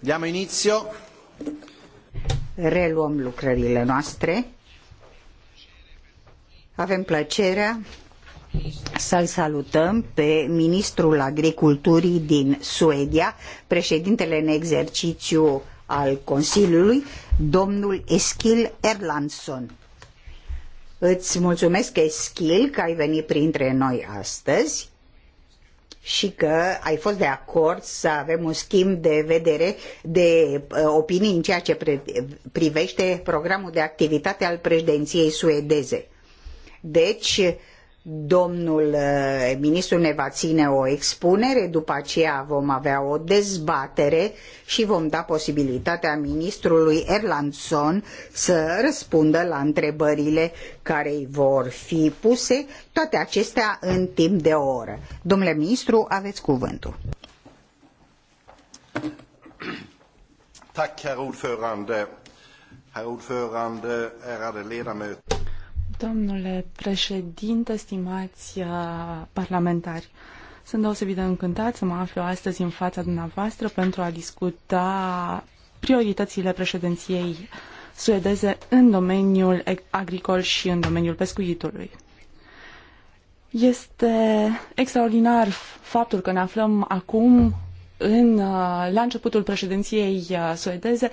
Diamo inizio. Reluăm lucrările noastre. Avem plăcerea să-l salutăm pe ministrul agriculturii din Suedia, președintele în exercițiu al Consiliului, domnul Eskil Erlandsson. Îți mulțumesc, Eskil, că ai venit printre noi astăzi și că ai fost de acord să avem un schimb de vedere, de uh, opinii în ceea ce privește programul de activitate al președinției suedeze. Deci, domnul ministru ne va ține o expunere, după aceea vom avea o dezbatere și vom da posibilitatea ministrului Erlandson să răspundă la întrebările care îi vor fi puse, toate acestea în timp de o oră. Domnule ministru, aveți cuvântul. Tack, herr ordförande. Herr ordförande, ärade ledamöter. Domnule președinte, stimați uh, parlamentari, sunt deosebit de încântat să mă aflu astăzi în fața dumneavoastră pentru a discuta prioritățile președinției suedeze în domeniul agricol și în domeniul pescuitului. Este extraordinar faptul că ne aflăm acum în, uh, la începutul președinției uh, suedeze,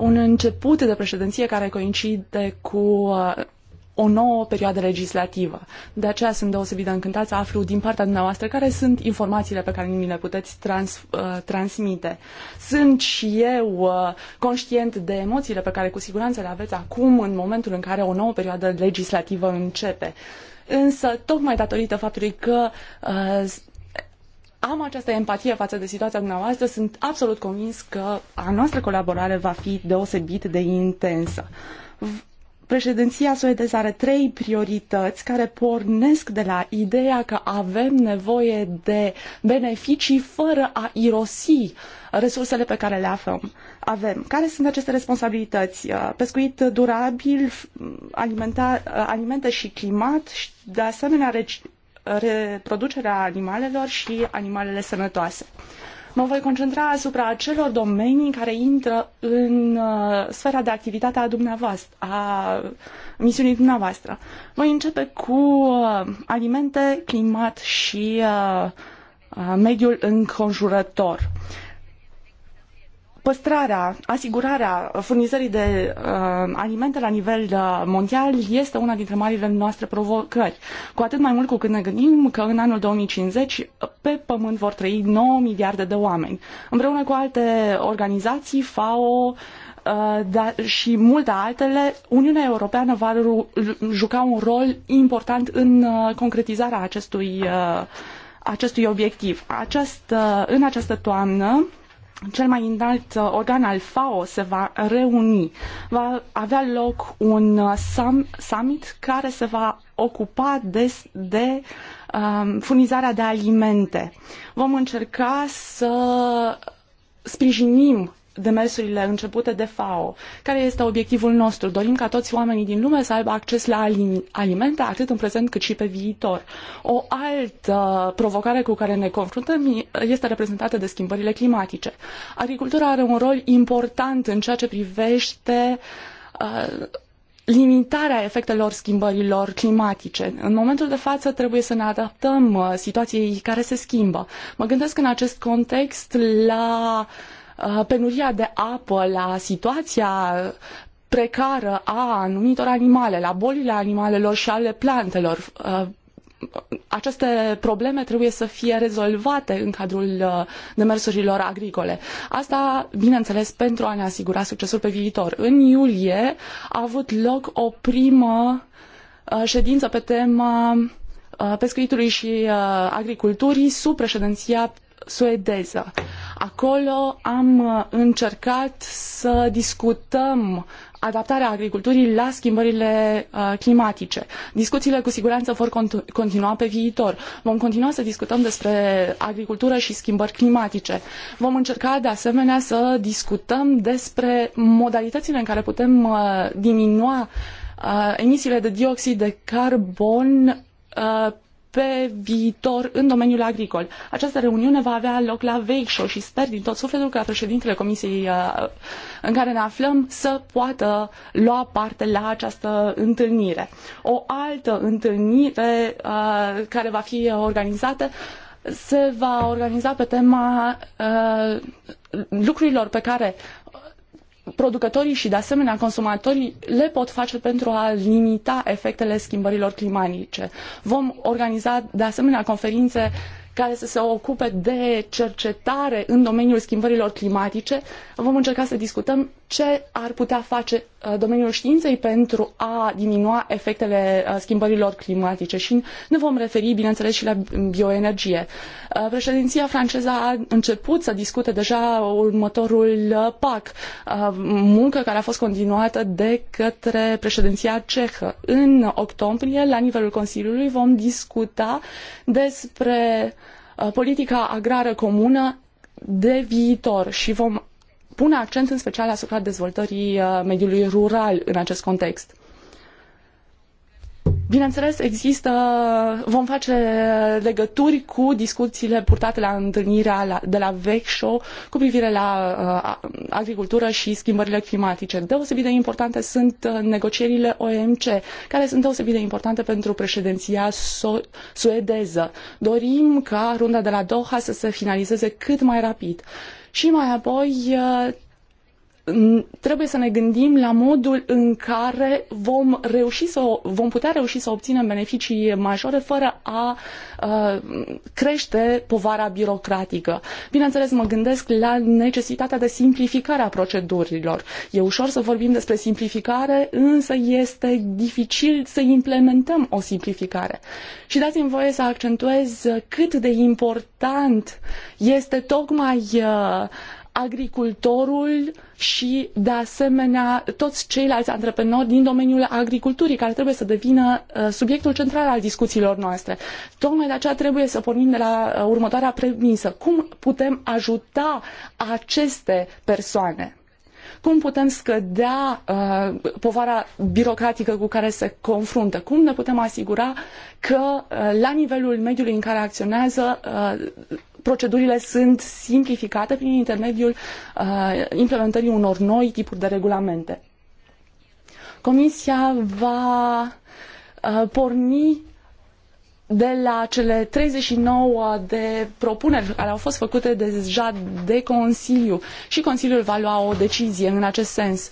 un început de președinție care coincide cu o nouă perioadă legislativă. De aceea sunt deosebit de încântat să aflu din partea dumneavoastră care sunt informațiile pe care mi le puteți trans, uh, transmite. Sunt și eu uh, conștient de emoțiile pe care cu siguranță le aveți acum în momentul în care o nouă perioadă legislativă începe. Însă, tocmai datorită faptului că uh, am această empatie față de situația dumneavoastră, sunt absolut convins că a noastră colaborare va fi deosebit de intensă. V Președinția suedeză are trei priorități care pornesc de la ideea că avem nevoie de beneficii fără a irosi resursele pe care le aflăm. Avem. Care sunt aceste responsabilități? Uh, pescuit durabil, alimenta, uh, alimente și climat, și de asemenea reproducerea animalelor și animalele sănătoase. Mă voi concentra asupra acelor domenii care intră în uh, sfera de activitate a dumneavoastră, a misiunii dumneavoastră. Voi începe cu uh, alimente, climat și uh, mediul înconjurător. Uh, păstrarea, asigurarea furnizării de uh, alimente la nivel uh, mondial este una dintre marile noastre provocări. Cu atât mai mult cu cât ne gândim că în anul 2050 uh, pe pământ vor trăi 9 miliarde de oameni. Împreună cu alte organizații, FAO, uh, da, și multe altele, Uniunea Europeană va juca un rol important în concretizarea acestui, acestui obiectiv. Această, în această toamnă, cel mai înalt uh, organ al FAO se va reuni. Va avea loc un uh, summit care se va ocupa de, de um, furnizarea de alimente. Vom încerca să sprijinim demersurile începute de FAO. Care este obiectivul nostru? Dorim ca toți oamenii din lume să aibă acces la alimente, atât în prezent cât și pe viitor. O altă provocare cu care ne confruntăm este reprezentată de schimbările climatice. Agricultura are un rol important în ceea ce privește uh, limitarea efectelor schimbărilor climatice. În momentul de față trebuie să ne adaptăm uh, situației care se schimbă. Mă gândesc în acest context la uh, Uh, penuria de apă, la situația precară a anumitor animale, la bolile animalelor și ale plantelor. Uh, aceste probleme trebuie să fie rezolvate în cadrul uh, demersurilor agricole. Asta, bineînțeles, pentru a ne asigura succesul pe viitor. În iulie a avut loc o primă ședință pe tema pescuitului și agriculturii sub președinția suedeză. Acolo am uh, încercat să discutăm adaptarea agriculturii la schimbările uh, climatice. Discuțiile cu siguranță vor continua pe viitor. Vom continua să discutăm despre agricultură și schimbări climatice. Vom încerca de asemenea să discutăm despre modalitățile în care putem uh, diminua emisiile de dioxid de carbon pe viitor în domeniul agricol. Această reuniune va avea loc la Veișo și sper din tot sufletul ca președintele comisiei uh, în care ne aflăm să poată lua parte la această întâlnire. O altă întâlnire uh, care va fi organizată se va organiza pe tema uh, lucrurilor pe care producătorii și, de asemenea, consumatorii le pot face pentru a limita efectele schimbărilor climatice. Vom organiza, de asemenea, conferințe care să se ocupe de cercetare în domeniul schimbărilor climatice. Vom încerca să discutăm ce ar putea face uh, domeniul științei pentru a diminua efectele uh, schimbărilor climatice și ne vom referi, bineînțeles, și la bioenergie. Uh, președinția franceză a început să discute deja următorul PAC, muncă care a fost continuată de către președinția cehă. În octombrie, la nivelul Consiliului, vom discuta despre Uh, politica agrară comună de viitor și vom pune accent în special asupra dezvoltării uh, mediului rural în acest context. Bineînțeles, există, vom face legături cu discuțiile purtate la întâlnirea de la Vecșo cu privire la uh, agricultură și schimbările climatice. Deosebit de importante sunt uh, negocierile OMC, care sunt deosebit de importante pentru președinția so- suedeză. Dorim ca runda de la Doha să se finalizeze cât mai rapid. Și mai apoi uh, trebuie să ne gândim la modul în care vom reuși să vom putea reuși să obținem beneficii majore fără a, crește povara birocratică. Bineînțeles, mă gândesc la necesitatea de simplificare a procedurilor. E ușor să vorbim despre simplificare, însă este dificil să implementăm o simplificare. Și dați-mi voie să accentuez cât de important este tocmai uh, agricultorul și, de asemenea, toți ceilalți antreprenori din domeniul agriculturii, care trebuie să devină uh, subiectul central al discuțiilor noastre. Tocmai de aceea trebuie să pornim de la uh, următoarea premisă. Cum putem ajuta aceste persoane? cum putem scădea uh, povara birocratică cu care se confruntă, cum ne putem asigura că uh, la nivelul mediului în care acționează uh, procedurile sunt simplificate prin intermediul uh, implementării unor noi tipuri de regulamente. Comisia va uh, porni de la cele 39 de propuneri care au fost făcute deja de Consiliu și Consiliul va lua o decizie în acest sens. Uh,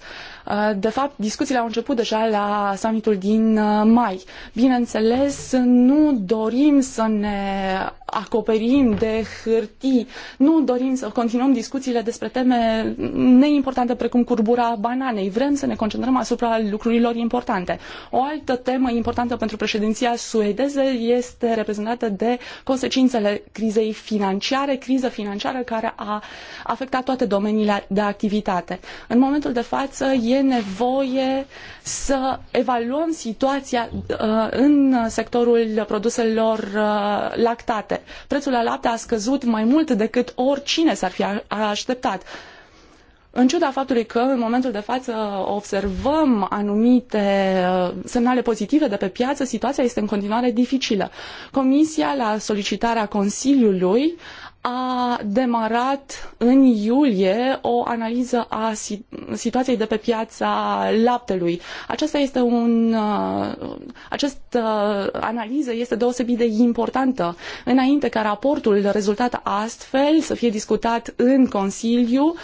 Uh, de fapt, discuțiile au început deja la summitul din uh, mai. Bineînțeles, nu dorim să ne acoperim de hârtii, nu dorim să continuăm discuțiile despre teme neimportante precum curbura bananei. Vrem să ne concentrăm asupra lucrurilor importante. O altă temă importantă pentru președinția suedeză este reprezentată de consecințele crizei financiare, criză financiară care a afectat toate domeniile de activitate. În momentul de față, e nevoie să evaluăm situația uh, în sectorul produselor uh, lactate. Prețul la lapte a scăzut mai mult decât oricine s-ar fi așteptat. În ciuda faptului că în momentul de față observăm anumite uh, semnale pozitive de pe piață, situația este în continuare dificilă. Comisia, la solicitarea Consiliului, a demarat în iulie o analiză a situației de pe piața laptelui. Aceasta este un, uh, această analiză este deosebit de importantă. Înainte ca raportul rezultat astfel să fie discutat în Consiliu,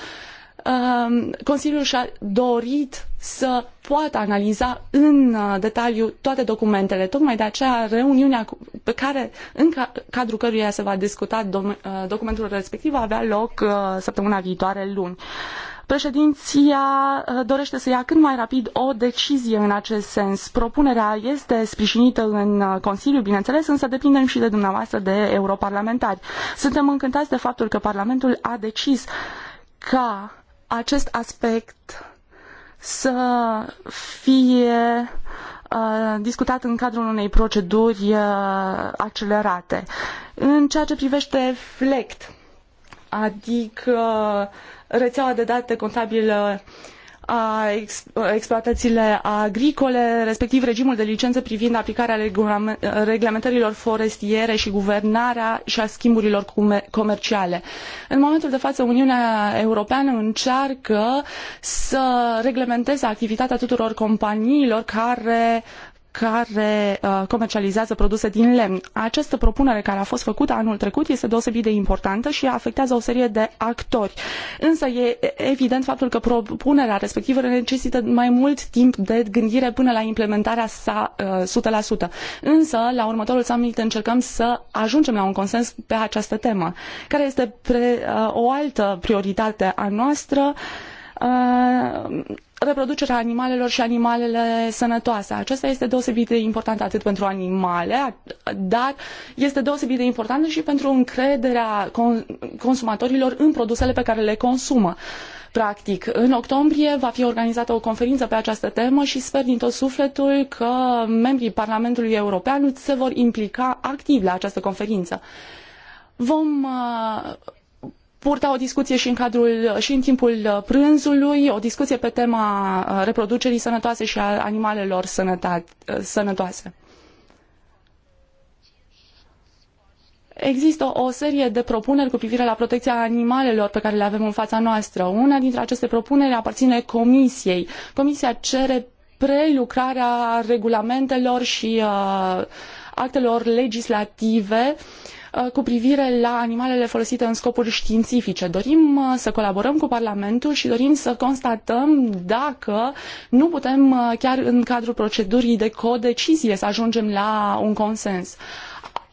Um, Consiliul și-a dorit să poată analiza în uh, detaliu toate documentele. Tocmai de aceea reuniunea pe care, în cadrul căruia se va discuta uh, documentul respectiv va avea loc uh, săptămâna viitoare luni. Președinția dorește să ia cât mai rapid o decizie în acest sens. Propunerea este sprijinită în Consiliu, bineînțeles, însă depindem și de dumneavoastră de europarlamentari. Suntem încântați de faptul că Parlamentul a decis ca acest aspect să fie uh, discutat în cadrul unei proceduri uh, accelerate. În ceea ce privește FLECT, adică rețeaua de date contabilă a ex, exploatațiile agricole, respectiv regimul de licențe privind aplicarea reglementărilor forestiere și guvernarea și a schimburilor comerciale. În momentul de față, Uniunea Europeană încearcă să reglementeze activitatea tuturor companiilor care uh, care uh, comercializează produse din lemn. Această propunere care a fost făcută anul trecut este deosebit de importantă și afectează o serie de actori. Însă e evident faptul că propunerea respectivă necesită mai mult timp de gândire până la implementarea sa uh, 100%. Însă, la următorul summit încercăm să ajungem la un consens pe această temă, care este pre, uh, o altă prioritate a noastră uh, reproducerea animalelor și animalele sănătoase. Aceasta este deosebit de important atât pentru animale, dar este deosebit de important și pentru încrederea consumatorilor în produsele pe care le consumă. Practic, în octombrie va fi organizată o conferință pe această temă și sper din tot sufletul că membrii Parlamentului European se vor implica activ la această conferință. Vom uh, purta o discuție și în, cadrul, și în timpul uh, prânzului, o discuție pe tema uh, reproducerii sănătoase și a animalelor uh, sănătoase. Există o serie de propuneri cu privire la protecția animalelor pe care le avem în fața noastră. Una dintre aceste propuneri aparține Comisiei. Comisia cere prelucrarea regulamentelor și uh, actelor legislative uh, Uh, cu privire la animalele folosite în scopuri științifice. Dorim uh, să colaborăm cu Parlamentul și dorim să constatăm dacă nu putem uh, chiar în cadrul procedurii de codecizie să ajungem la un consens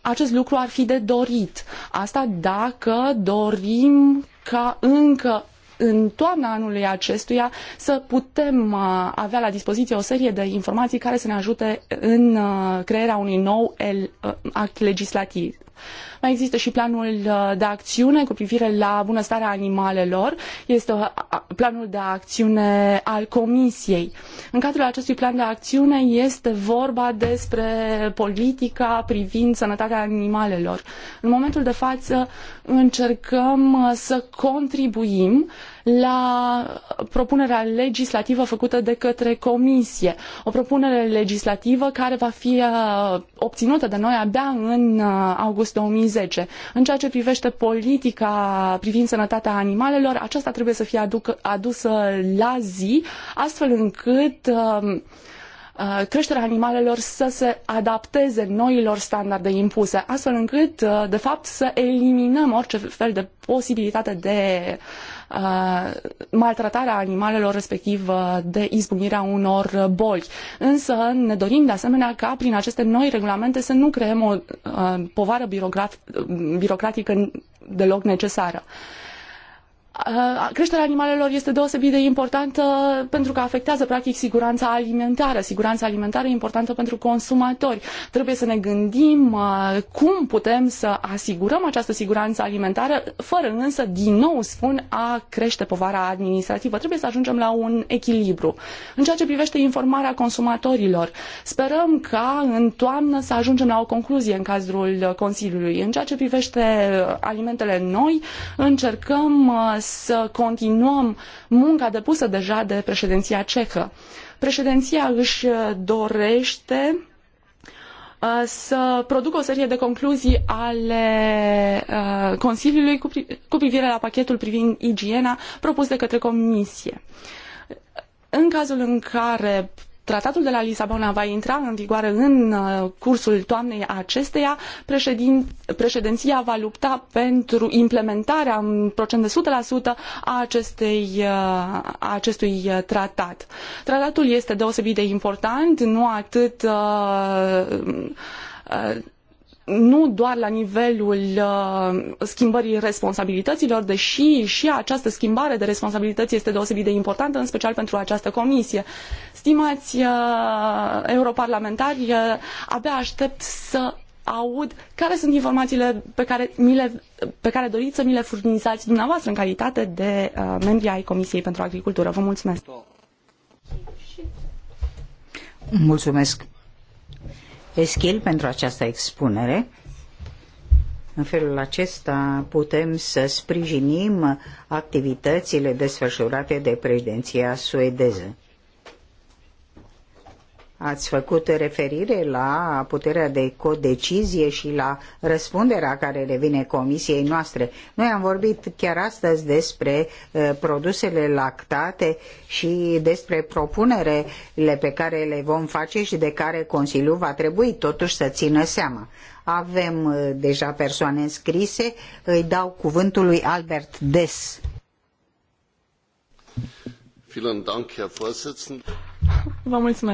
acest lucru ar fi de dorit. Asta dacă dorim ca încă în toamna anului acestuia să putem uh, avea la dispoziție o serie de informații care să ne ajute în uh, crearea unui nou uh, act legislativ. Mai există și planul de acțiune cu privire la bunăstarea animalelor. Este planul de acțiune al Comisiei. În cadrul acestui plan de acțiune este vorba despre politica privind sănătatea animalelor. În momentul de față încercăm să contribuim la propunerea legislativă făcută de către Comisie. O propunere legislativă care va fi uh, obținută de noi abia în uh, august 2010. În ceea ce privește politica privind sănătatea animalelor, aceasta trebuie să fie adusă la zi, astfel încât uh, creșterea animalelor să se adapteze noilor standarde impuse, astfel încât, de fapt, să eliminăm orice fel de posibilitate de uh, Uh, maltratarea animalelor, respectiv uh, de izbucnirea unor boli. Însă ne dorim de asemenea ca prin aceste noi regulamente să nu creăm o uh, povară birocrat, birocratică deloc necesară. Uh, Uh, creșterea animalelor este deosebit de importantă pentru că afectează practic siguranța alimentară. Siguranța alimentară e importantă pentru consumatori. Trebuie să ne gândim uh, cum putem să asigurăm această siguranță alimentară, fără însă, din nou spun, a crește povara administrativă. Trebuie să ajungem la un echilibru. În ceea ce privește informarea consumatorilor, sperăm ca în toamnă să ajungem la o concluzie în cadrul Consiliului. În ceea ce privește uh, alimentele noi, încercăm să continuăm munca depusă deja de președinția cehă. Președinția își uh, dorește uh, să producă o serie de concluzii ale uh, Consiliului cu privire la pachetul privind igiena propus de către Comisie. În cazul în care tratatul de la Lisabona va intra în vigoare în uh, cursul toamnei acesteia, președin, președinția va lupta pentru implementarea în procent de 100% a, acestei, uh, a acestui uh, tratat. Tratatul este deosebit de important, nu atât uh, uh, nu doar la nivelul uh, schimbării responsabilităților, deși și această schimbare de responsabilități este deosebit de importantă, în special pentru această comisie. Stimați uh, europarlamentari, uh, abia aștept să aud care sunt informațiile pe care, mi le, pe care doriți să mi le furnizați dumneavoastră în calitate de uh, membri ai Comisiei pentru Agricultură. Vă mulțumesc! Mulțumesc! Eschil pentru această expunere. În felul acesta putem să sprijinim activitățile desfășurate de președinția suedeză. Ați făcut referire la puterea de codecizie și la răspunderea care revine comisiei noastre. Noi am vorbit chiar astăzi despre uh, produsele lactate și despre propunerele pe care le vom face și de care Consiliul va trebui totuși să țină seama. Avem uh, deja persoane înscrise, îi dau cuvântul lui Albert Des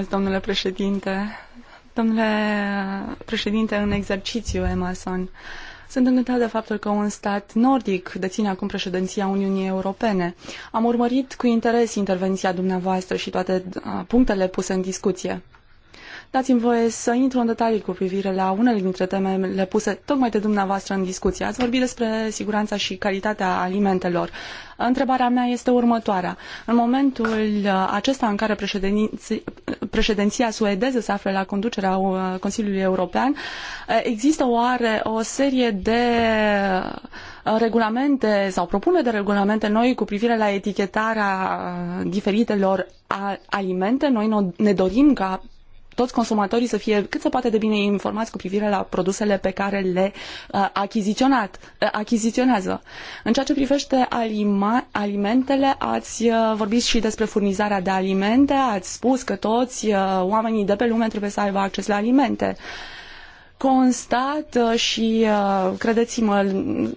domnule președinte. Domnule președinte în exercițiu, Emerson, sunt încântat de faptul că un stat nordic deține acum președinția Uniunii Europene. Am urmărit cu interes intervenția dumneavoastră și toate uh, punctele puse în discuție. Dați-mi voie să intru în detalii cu privire la unele dintre temele puse tocmai de dumneavoastră în discuție. Ați vorbit despre siguranța și calitatea alimentelor. Întrebarea mea este următoarea. În momentul acesta în care președinția suedeză se află la conducerea uh, Consiliului European, uh, există oare o serie de uh, regulamente sau propuneri de regulamente noi cu privire la etichetarea diferitelor alimente. Noi ne dorim ca toți consumatorii să fie cât se poate de bine informați cu privire la produsele pe care le uh, achiziționat, uh, achiziționează. În ceea ce privește alima, alimentele, ați uh, vorbit și despre furnizarea de alimente, ați spus că toți uh, oamenii de pe lume trebuie să aibă acces la alimente. Constat uh, și, uh, credeți-mă,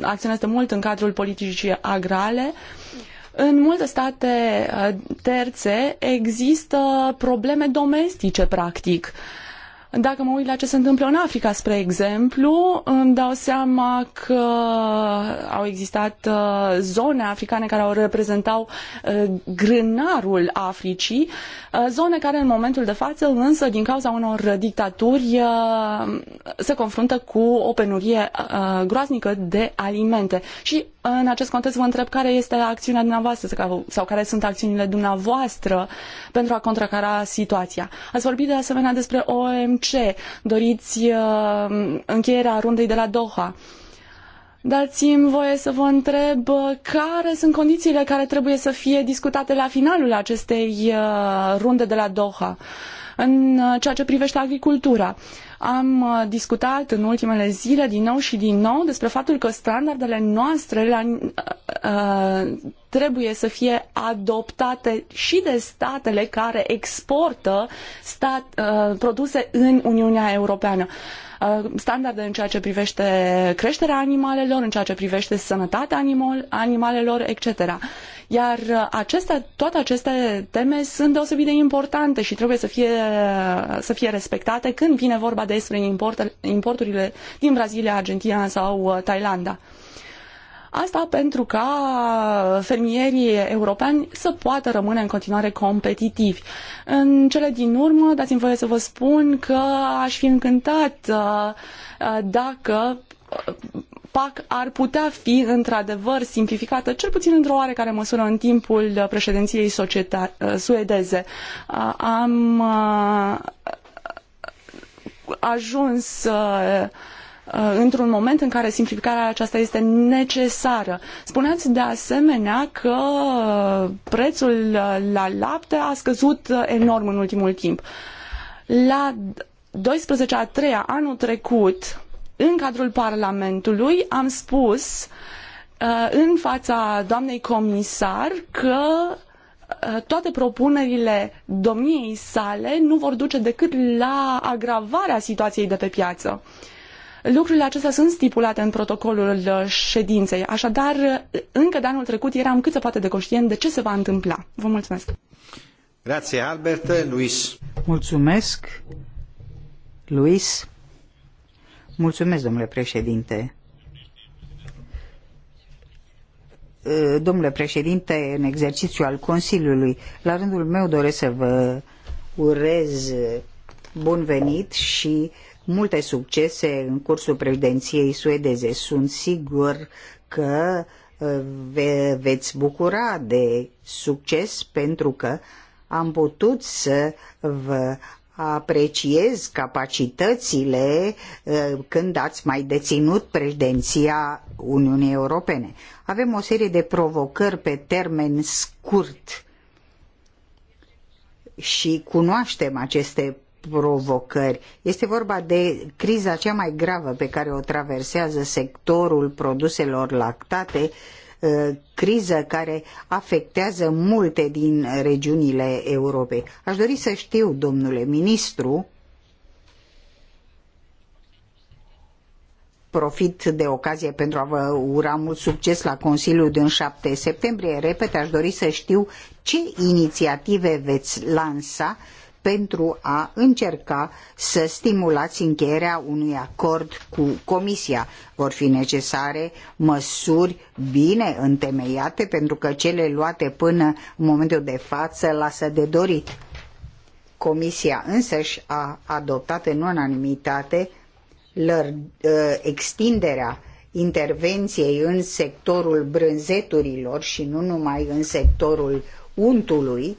acționez de mult în cadrul politicii agrale, uh, în multe state uh, terțe există probleme domestice, practic. Dacă mă uit la ce se întâmplă în Africa, spre exemplu, îmi dau seama că au existat uh, zone africane care au reprezentau uh, grânarul Africii, uh, zone care în momentul de față, însă, din cauza unor dictaturi, se confruntă cu o penurie groaznică de alimente. Și în acest context vă întreb care este acțiunea dumneavoastră sau care sunt acțiunile dumneavoastră pentru a contracara situația. Ați vorbit de asemenea despre OMC ce doriți uh, încheierea rundei de la Doha. Dați-mi voie să vă întreb uh, care sunt condițiile care trebuie să fie discutate la finalul acestei uh, runde de la Doha în ceea ce privește agricultura. Am discutat în ultimele zile din nou și din nou despre faptul că standardele noastre la Uh, trebuie să fie adoptate și de statele care exportă stat, uh, produse în Uniunea Europeană uh, standarde în ceea ce privește creșterea animalelor, în ceea ce privește sănătatea animal, animalelor, etc. Iar acestea, toate aceste teme sunt deosebit de importante și trebuie să fie, să fie respectate când vine vorba despre import, importurile din Brazilia, Argentina sau Thailanda. Uh, Asta pentru ca fermierii europeni să poată rămâne în continuare competitivi. În cele din urmă, dați-mi voie să vă spun că aș fi încântat uh, uh, dacă uh, PAC ar putea fi într-adevăr simplificată, cel puțin într-o oarecare măsură în timpul președinției suedeze. Am ajuns Uh, într-un moment în care simplificarea aceasta este necesară. Spuneați de asemenea că uh, prețul uh, la lapte a scăzut enorm în ultimul timp. La 12 a 3 anul trecut, în cadrul Parlamentului, am spus în fața doamnei comisar că toate propunerile domniei sale nu vor duce decât la agravarea situației de pe piață. Uh, Lucrurile acestea sunt stipulate în protocolul uh, ședinței, așadar uh, încă de anul trecut eram cât se poate de conștient de ce se va întâmpla. Vă mulțumesc! Grazie Albert, Luis. Mulțumesc, Luis. Mulțumesc, domnule președinte. Uh, domnule președinte, în exercițiu al Consiliului, la rândul meu doresc să vă urez bun venit și uh, multe succese în cursul președinției suedeze. Sunt sigur că uh, ve- veți bucura de succes pentru că am putut să vă apreciez capacitățile uh, când ați mai deținut președinția Uniunii Europene. Avem o serie de provocări pe termen scurt și cunoaștem aceste provocări. Este vorba de criza cea mai gravă pe care o traversează sectorul produselor lactate, ă, criză care afectează multe din regiunile Europei. Aș dori să știu, domnule ministru, profit de ocazie pentru a vă ura mult succes la Consiliul din 7 septembrie. Repet, aș dori să știu ce inițiative veți lansa pentru a încerca să stimulați încheierea unui acord cu Comisia. Vor fi necesare măsuri bine întemeiate pentru că cele luate până în momentul de față lasă de dorit. Comisia însăși a adoptat în unanimitate ă, extinderea intervenției în sectorul brânzeturilor și nu numai în sectorul untului,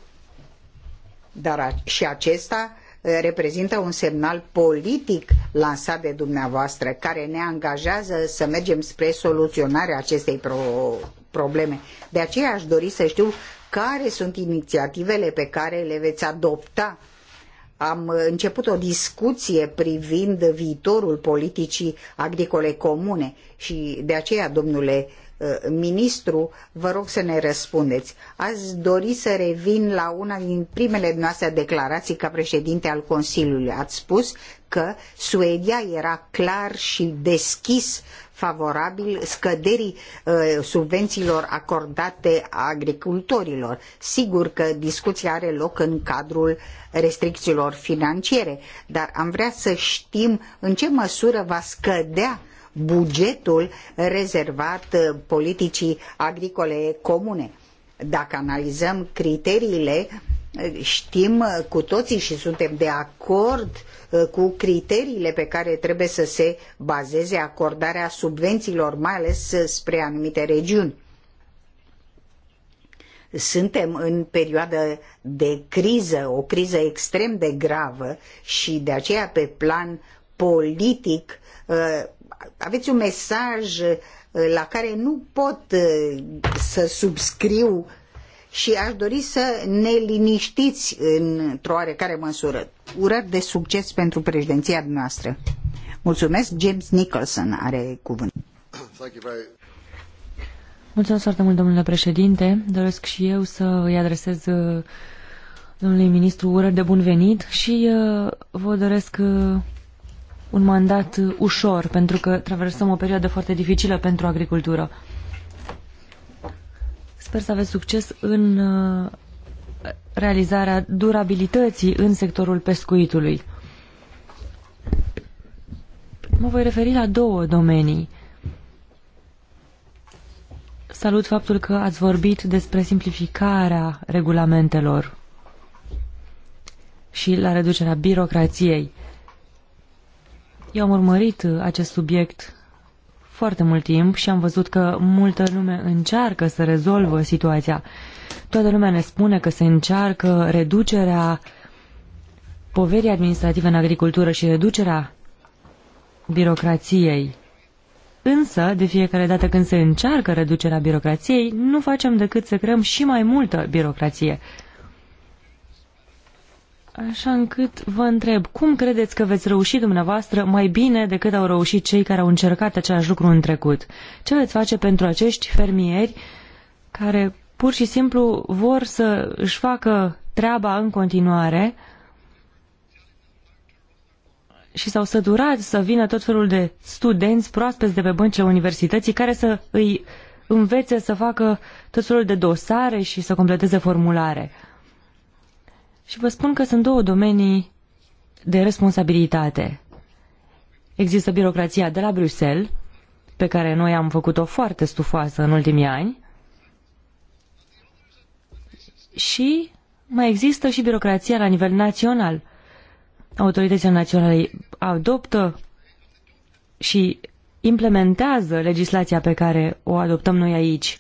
dar și acesta eh, reprezintă un semnal politic lansat de dumneavoastră care ne angajează să mergem spre soluționarea acestei pro- probleme. De aceea aș dori să știu care sunt inițiativele pe care le veți adopta. Am eh, început o discuție privind viitorul politicii agricole comune și de aceea, domnule uh, Uh, ministru, vă rog să ne răspundeți. Ați dori să revin la una din primele noastre declarații ca președinte al Consiliului. Ați spus că Suedia era clar și deschis favorabil scăderii uh, subvențiilor acordate agricultorilor. Sigur că discuția are loc în cadrul restricțiilor financiare, dar am vrea să știm în ce măsură va scădea bugetul rezervat uh, politicii agricole comune. Dacă analizăm criteriile, uh, știm uh, cu toții și suntem de acord cu criteriile pe care trebuie să se bazeze acordarea subvențiilor, mai ales spre anumite regiuni suntem în perioadă de criză, o criză extrem de gravă și de aceea pe plan politic aveți un mesaj uh, la care nu pot uh, să subscriu și aș dori să ne liniștiți într-o oarecare măsură. Urări de succes pentru președinția noastră. Mulțumesc. James Nicholson are cuvânt. Mulțumesc foarte mult, domnule președinte. Doresc și eu să îi adresez uh, domnului ministru urări de bun venit și vă doresc un mandat ușor, pentru că traversăm o perioadă foarte dificilă pentru agricultură. Sper să aveți succes în uh, realizarea durabilității în sectorul pescuitului. Mă voi referi la două domenii. Salut faptul că ați vorbit despre simplificarea regulamentelor și la reducerea birocrației. Eu am urmărit uh, acest subiect foarte mult timp și am văzut că multă lume încearcă să rezolvă situația. Toată lumea ne spune că se încearcă reducerea poverii administrative în agricultură și reducerea birocrației. Însă, de fiecare dată când se încearcă reducerea birocrației, nu facem decât să creăm și mai multă birocrație. Așa încât vă întreb, cum credeți că veți reuși dumneavoastră mai bine decât au reușit cei care au încercat același lucru în trecut? Ce veți face pentru acești fermieri care pur și simplu vor să își facă treaba în continuare și s-au săturat să vină tot felul de studenți proaspeți de pe băncile universității care să îi învețe să facă tot felul de dosare și să completeze formulare? Și vă spun că sunt două domenii de responsabilitate. Există birocrația de la Bruxelles, pe care noi am făcut-o foarte stufoasă în ultimii ani, și mai există și birocrația la nivel național. Autoritățile naționale adoptă și implementează legislația pe care o adoptăm noi aici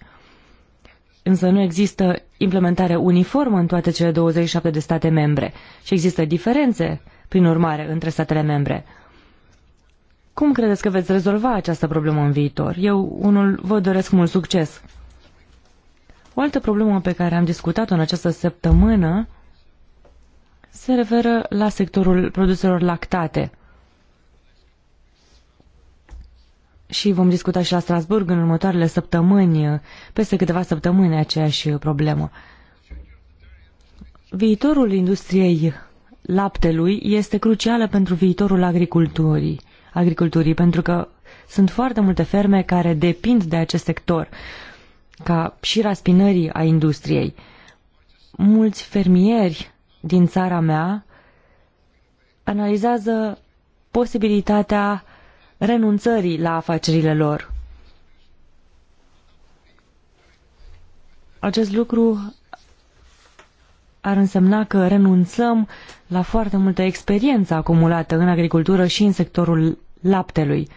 însă nu există implementare uniformă în toate cele 27 de state membre și există diferențe, prin urmare, între statele membre. Cum credeți că veți rezolva această problemă în viitor? Eu, unul, vă doresc mult succes. O altă problemă pe care am discutat-o în această săptămână se referă la sectorul produselor lactate. și vom discuta și la Strasburg în următoarele săptămâni, peste câteva săptămâni, aceeași problemă. Viitorul industriei laptelui este crucială pentru viitorul agriculturii, agriculturii, pentru că sunt foarte multe ferme care depind de acest sector, ca și raspinării a industriei. Mulți fermieri din țara mea analizează posibilitatea renunțării la afacerile lor. Acest lucru ar însemna că renunțăm la foarte multă experiență acumulată în agricultură și în sectorul laptelui.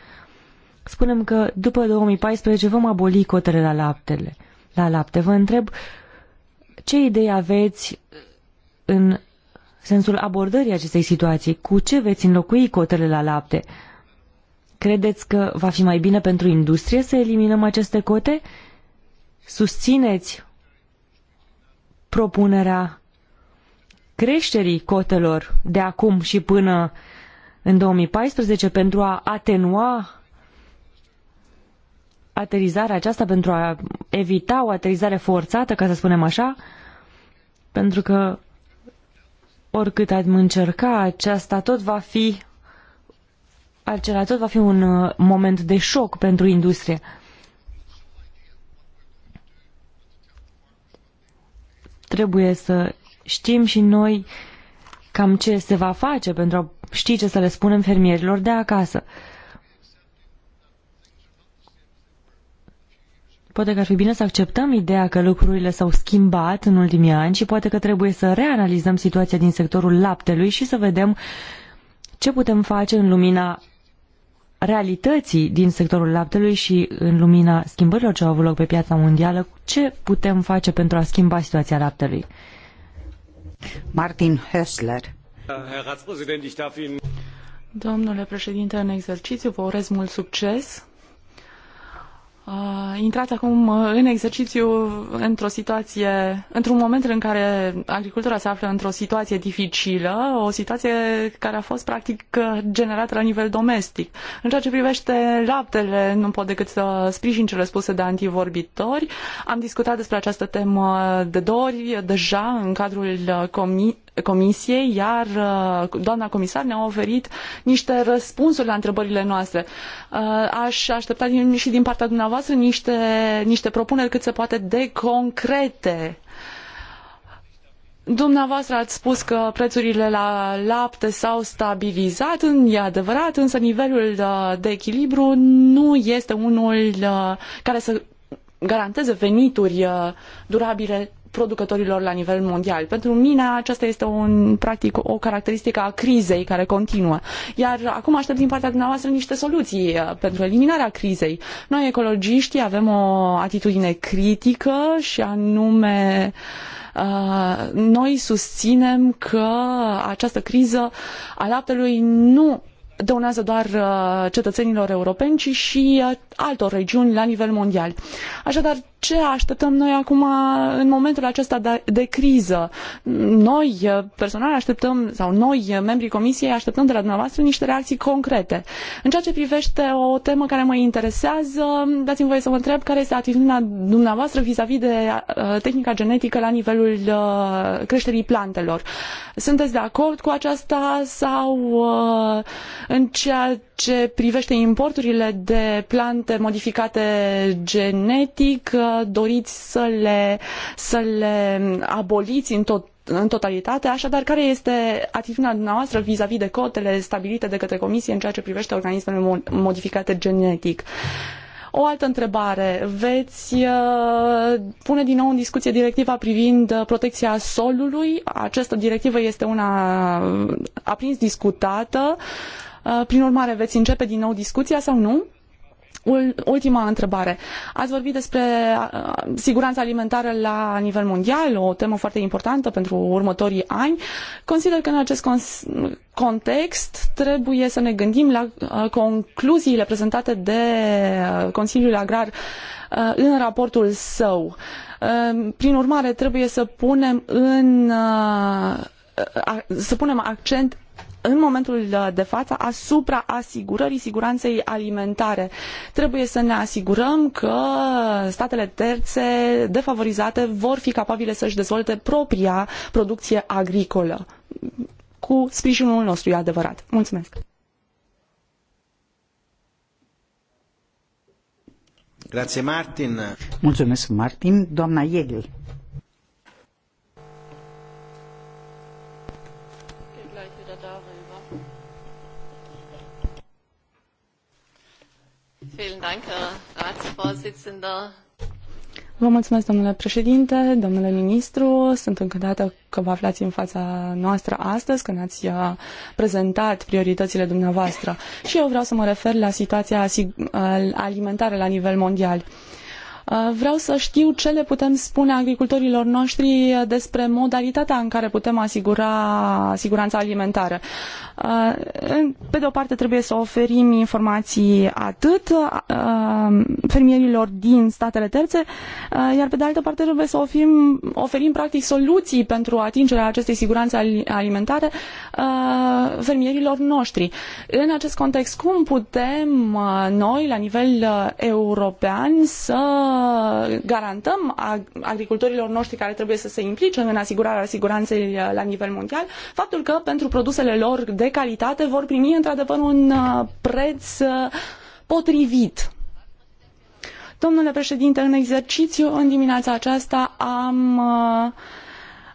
Spunem că după 2014 vom aboli cotele la laptele. La lapte vă întreb ce idei aveți în sensul abordării acestei situații? Cu ce veți înlocui cotele la lapte? Credeți că va fi mai bine pentru industrie să eliminăm aceste cote? Susțineți propunerea creșterii cotelor de acum și până în 2014 pentru a atenua aterizarea aceasta, pentru a evita o aterizare forțată, ca să spunem așa, pentru că oricât am încerca, aceasta tot va fi acela tot va fi un uh, moment de șoc pentru industrie. Trebuie să știm și noi cam ce se va face pentru a ști ce să le spunem fermierilor de acasă. Poate că ar fi bine să acceptăm ideea că lucrurile s-au schimbat în ultimii ani și poate că trebuie să reanalizăm situația din sectorul laptelui și să vedem ce putem face în lumina realității din sectorul laptelui și în lumina schimbărilor ce au avut loc pe piața mondială, ce putem face pentru a schimba situația laptelui? Martin Hössler. Domnule președinte în exercițiu, vă urez mult succes Uh, intrat acum uh, în exercițiu într-o situație, într-un moment în care agricultura se află într-o situație dificilă, o situație care a fost practic uh, generată la nivel domestic. În ceea ce privește laptele, nu pot decât să sprijin cele spuse de antivorbitori. Am discutat despre această temă de două ori deja în cadrul comi- Comisiei, iar uh, doamna comisar ne-a oferit niște răspunsuri la întrebările noastre. Uh, aș aștepta și din partea dumneavoastră niște, niște propuneri cât se poate de concrete. Dumneavoastră ați spus că prețurile la lapte s-au stabilizat, e adevărat, însă nivelul uh, de echilibru nu este unul care să garanteze venituri durabile producătorilor la nivel mondial. Pentru mine aceasta este un, practic o caracteristică a crizei care continuă. Iar acum aștept din partea dumneavoastră niște soluții uh, pentru eliminarea crizei. Noi ecologiștii avem o atitudine critică și anume uh, noi susținem că această criză a laptelui nu dăunează doar uh, cetățenilor europeni, ci și altor regiuni la nivel mondial. Așadar, ce așteptăm noi acum în momentul acesta de, de criză. Noi, eh, personal, așteptăm, sau noi, eh, membrii comisiei, așteptăm de la dumneavoastră niște reacții concrete. În ceea ce privește o temă care mă interesează, dați-mi voie să vă întreb care este atitudinea dumneavoastră vis-a-vis de uh, tehnica genetică la nivelul uh, creșterii plantelor. Sunteți de acord cu aceasta sau uh, în ceea ce privește importurile de plante modificate genetic, doriți să le, să le aboliți în tot în totalitate. Așadar, care este atitudinea dumneavoastră vis-a-vis de cotele stabilite de către Comisie în ceea ce privește organismele modificate genetic? O altă întrebare. Veți uh, pune din nou în discuție directiva privind uh, protecția solului? Această directivă este una uh, aprins discutată. Prin urmare, veți începe din nou discuția sau nu? ultima întrebare. Ați vorbit despre siguranța alimentară la nivel mondial, o temă foarte importantă pentru următorii ani. Consider că în acest context trebuie să ne gândim la concluziile prezentate de Consiliul Agrar în raportul său. Prin urmare, trebuie să punem în să punem accent în momentul de față asupra asigurării siguranței alimentare. Trebuie să ne asigurăm că statele terțe defavorizate vor fi capabile să-și dezvolte propria producție agricolă cu sprijinul nostru, e adevărat. Mulțumesc! Grazie, Martin. Mulțumesc, Martin. Doamna Iegel. Vă mulțumesc, domnule președinte, domnule ministru. Sunt încântată că vă aflați în fața noastră astăzi, că ne-ați uh, prezentat prioritățile dumneavoastră. Și eu vreau să mă refer la situația alimentară la nivel mondial. Uh, vreau să știu ce le putem spune agricultorilor noștri despre modalitatea în care putem asigura siguranța alimentară. Uh, pe de o parte trebuie să oferim informații atât uh, fermierilor din statele terțe, uh, iar pe de altă parte trebuie să oferim, oferim practic soluții pentru atingerea acestei siguranțe alimentare fermierilor noștri. În acest context, cum putem noi, la nivel european, să garantăm agricultorilor noștri care trebuie să se implice în asigurarea siguranței la nivel mondial, faptul că pentru produsele lor de calitate vor primi într-adevăr un uh, preț uh, potrivit. Domnule președinte, în exercițiu, în dimineața aceasta am uh,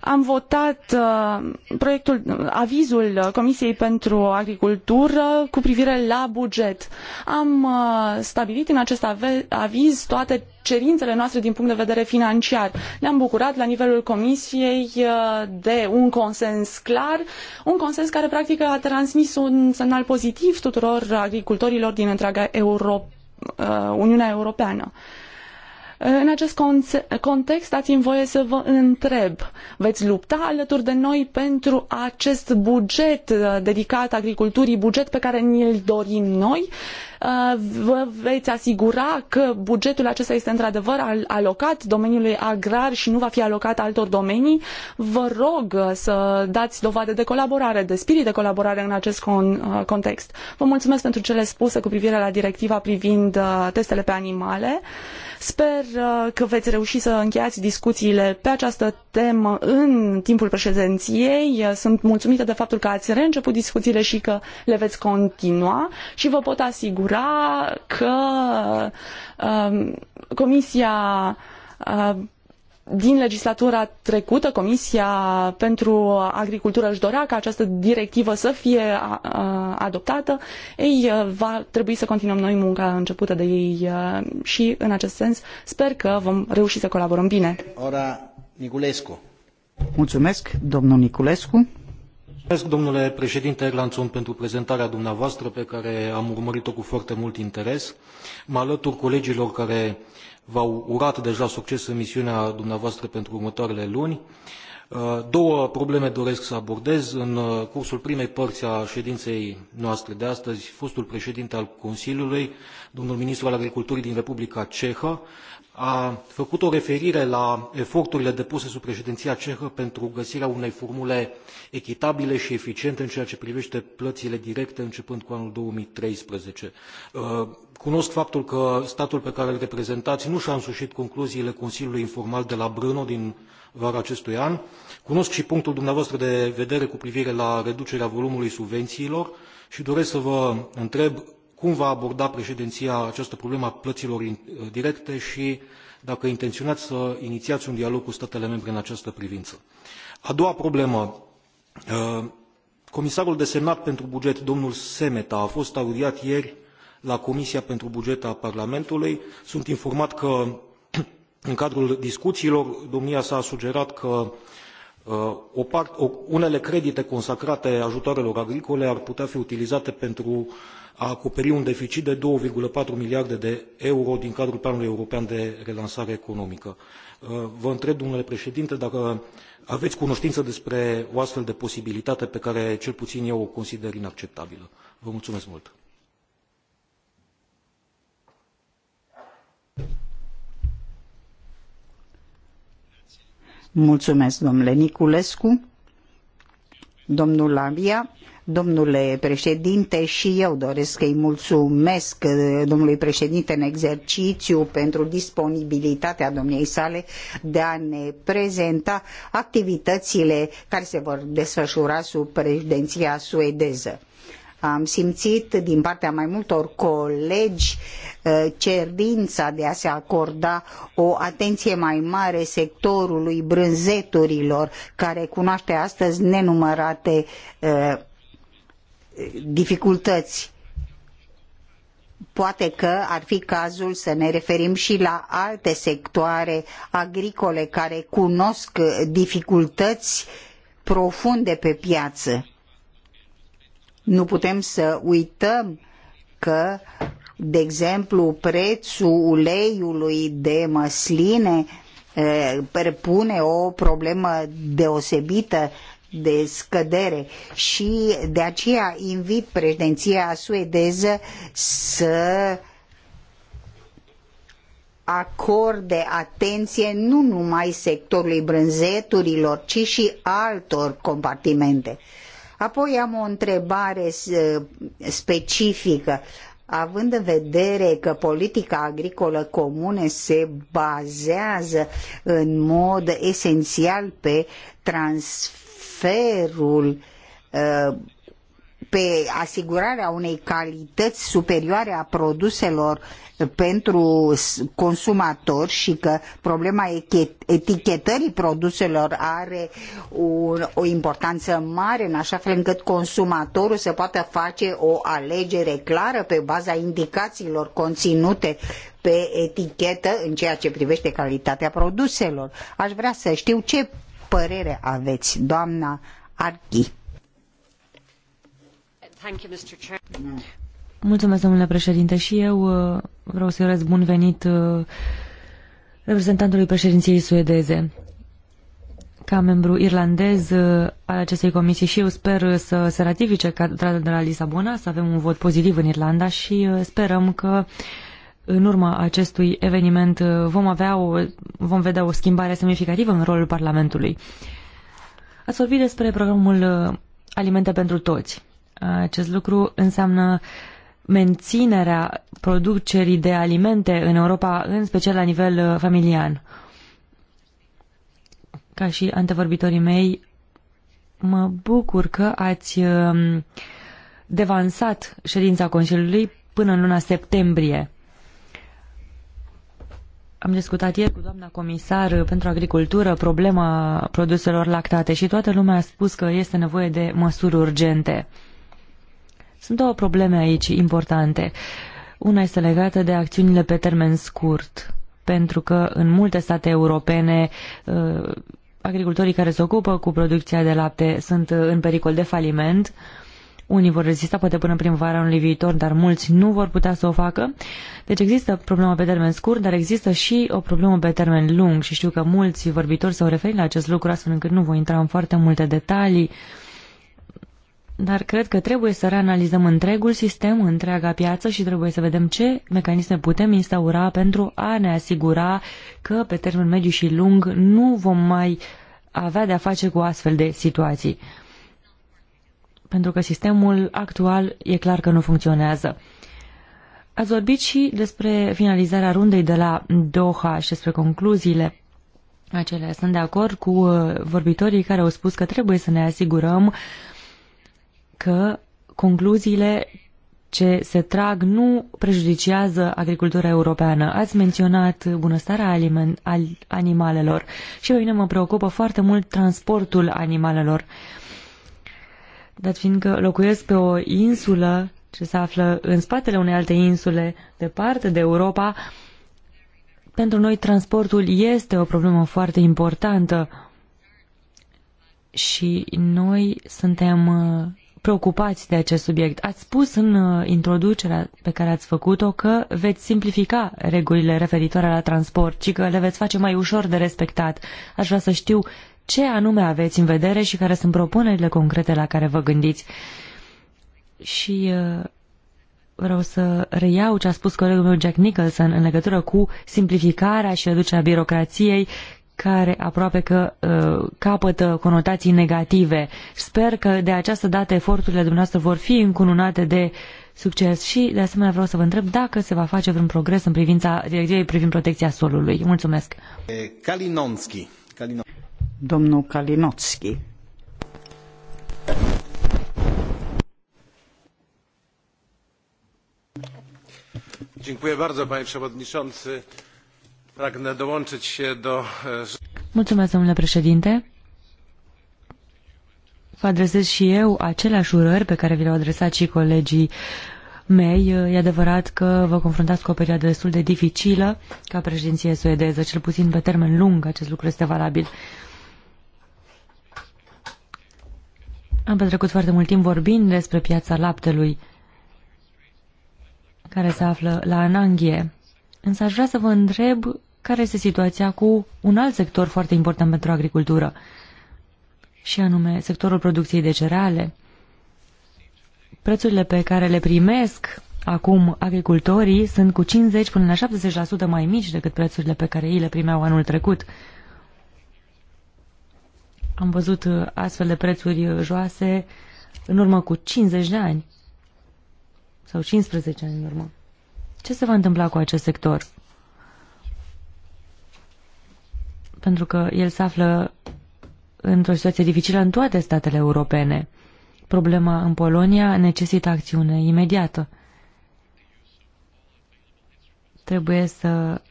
am votat uh, proiectul, avizul Comisiei pentru Agricultură cu privire la buget. Am uh, stabilit în acest aviz toate cerințele noastre din punct de vedere financiar. Ne-am bucurat la nivelul Comisiei uh, de un consens clar, un consens care practic a transmis un semnal pozitiv tuturor agricultorilor din întreaga Euro Uniunea Europeană. În acest context, dați-mi voie să vă întreb, veți lupta alături de noi pentru acest buget uh, dedicat agriculturii, buget pe care ni-l dorim noi? Uh, vă veți asigura că bugetul acesta este într-adevăr alocat domeniului agrar și nu va fi alocat altor domenii? Vă rog uh, să dați dovadă de colaborare, de spirit de colaborare în acest context. Vă mulțumesc pentru cele spuse cu privire la directiva privind testele pe animale. Sper uh, că veți reuși să încheiați discuțiile pe această temă în timpul președinției. Uh, sunt mulțumită de faptul că ați reînceput discuțiile și că le veți continua și vă pot asigura că uh, Comisia uh, din legislatura trecută, Comisia pentru Agricultură își dorea ca această directivă să fie adoptată, ei uh, va trebui să continuăm noi munca începută de ei uh, și în acest sens sper că vom reuși să colaborăm bine. Ora Niculescu. Mulțumesc, domnul Niculescu. Mulțumesc, domnule președinte Erlanțon, pentru prezentarea dumneavoastră pe care am urmărit-o cu foarte mult interes. Mă alătur colegilor care v-au urat deja succes în misiunea dumneavoastră pentru următoarele luni. Uh, două probleme doresc să abordez. În uh, cursul primei părți a ședinței noastre de astăzi, fostul președinte al Consiliului, domnul ministru al Agriculturii din Republica Cehă, a făcut o referire la eforturile depuse sub preedinia cehă pentru găsirea unei formule echitabile i eficiente în ceea ce privete plăile directe începând cu anul. două mii treisprezece uh, cunosc faptul că statul pe care îl reprezentai nu i a însuit concluziile consiliului informal de la brno din vara acestui an cunosc i punctul dumneavoastră de vedere cu privire la reducerea volumului subveniilor i doresc să vă întreb cum va aborda președinția această problemă a plăților uh, directe și dacă intenționați să inițiați un dialog cu statele membre în această privință. A doua problemă, uh, comisarul desemnat pentru buget, domnul Semeta, a fost audiat ieri la Comisia pentru Buget a Parlamentului. Sunt informat că în cadrul discuțiilor domnia sa a sugerat că uh, o part, unele credite consacrate ajutoarelor agricole ar putea fi utilizate pentru a acoperi un deficit de doi patru miliarde de euro din cadrul planului european de relansare economică. Uh, vă întreb, domnule președinte, dacă aveți cunoștință despre o astfel de posibilitate pe care cel puțin eu o consider inacceptabilă. Vă mulțumesc mult! Mulțumesc, domnule Niculescu domnul Lavia. Domnule președinte, și eu doresc să-i mulțumesc uh, domnului președinte în exercițiu pentru disponibilitatea domniei sale de a ne prezenta activitățile care se vor desfășura sub președinția suedeză. Am simțit din partea mai multor colegi uh, cerința de a se acorda o atenție mai mare sectorului brânzeturilor, care cunoaște astăzi nenumărate uh, dificultăți Poate că ar fi cazul să ne referim și la alte sectoare agricole care cunosc dificultăți profunde pe piață. Nu putem să uităm că, de exemplu, prețul uleiului de măsline perpune o problemă deosebită de scădere și de aceea invit președinția suedeză să acorde atenție nu numai sectorului brânzeturilor, ci și altor compartimente. Apoi am o întrebare eh, specifică. Având în vedere că politica agricolă comună se bazează în mod esențial pe transferul eh, pe asigurarea unei calități superioare a produselor pentru consumatori și că problema etichetării produselor are o importanță mare în așa fel încât consumatorul să poată face o alegere clară pe baza indicațiilor conținute pe etichetă în ceea ce privește calitatea produselor. Aș vrea să știu ce părere aveți, doamna Archi. Mulțumesc, domnule președinte, și eu uh, vreau să-i urez bun venit uh, reprezentantului președinției suedeze. Ca membru irlandez uh, al acestei comisii și eu sper să se ratifice tratatul de la Lisabona, să avem un vot pozitiv în Irlanda și sperăm că în urma acestui eveniment vom, avea o, vom vedea o schimbare semnificativă în rolul Parlamentului. Ați vorbit despre programul Alimente pentru Toți. Acest lucru înseamnă menținerea producerii de alimente în Europa, în special la nivel uh, familian. Ca și antevorbitorii mei, mă bucur că ați um, devansat ședința Consiliului până în luna septembrie. Am discutat ieri cu doamna comisar uh, pentru agricultură problema produselor lactate și toată lumea a spus că este nevoie de măsuri urgente. Sunt două probleme aici importante. Una este legată de acțiunile pe termen scurt, pentru că în multe state europene uh, agricultorii care se ocupă cu producția de lapte sunt uh, în pericol de faliment. Unii vor rezista poate până vara anului viitor, dar mulți nu vor putea să o facă. Deci există problema pe termen scurt, dar există și o problemă pe termen lung și știu că mulți vorbitori s-au referit la acest lucru astfel încât nu voi intra în foarte multe detalii. Uh, dar cred că trebuie să reanalizăm întregul sistem, întreaga piață și trebuie să vedem ce mecanisme putem instaura pentru a ne asigura că pe termen mediu și lung nu vom mai avea de-a face cu astfel de situații. Pentru că sistemul actual e clar că nu funcționează. Ați vorbit și despre finalizarea rundei de la Doha și despre concluziile acelea. Sunt de acord cu uh, vorbitorii care au spus că trebuie să ne asigurăm uh, că concluziile ce se trag nu prejudiciază agricultura europeană. Ați menționat bunăstarea aliment, al, animalelor și pe mine mă preocupă foarte mult transportul animalelor. Dar fiindcă locuiesc pe o insulă ce se află în spatele unei alte insule, departe de Europa, pentru noi transportul este o problemă foarte importantă și noi suntem uh, preocupați de acest subiect. Ați spus în uh, introducerea pe care ați făcut-o că veți simplifica regulile referitoare la transport și că le veți face mai ușor de respectat. Aș vrea să știu ce anume aveți în vedere și care sunt propunerile concrete la care vă gândiți. Și uh, vreau să reiau ce a spus colegul meu Jack Nicholson în legătură cu simplificarea și reducerea birocrației care aproape că uh, capătă conotații negative. Sper că de această dată eforturile dumneavoastră vor fi încununate de succes și, de asemenea, vreau să vă întreb dacă se va face vreun progres în privința directivei privind protecția solului. Mulțumesc! Kalinonski. Kalino... Domnul Kalinotski. Dziękuję bardzo, panie przewodniczący. Pragnę dołączyć się do... Mulțumesc, domnule președinte. Vă adresez și eu aceleași urări pe care vi le-au adresat și colegii mei. E adevărat că vă confruntați cu o perioadă destul de dificilă ca președinție suedeză, cel puțin pe termen lung acest lucru este valabil. Am petrecut foarte mult timp vorbind despre piața laptelui care se află la Ananghie. Însă aș vrea să vă întreb care este situația cu un alt sector foarte important pentru agricultură, și anume sectorul producției de cereale. Prețurile pe care le primesc acum agricultorii sunt cu 50 până la 70% mai mici decât prețurile pe care ei le primeau anul trecut. Am văzut uh, astfel de prețuri uh, joase în urmă cu 50 de ani sau 15 ani în urmă. Ce se va întâmpla cu acest sector? pentru că el se află într-o situație dificilă în toate statele europene. Problema în Polonia necesită acțiune imediată. Trebuie să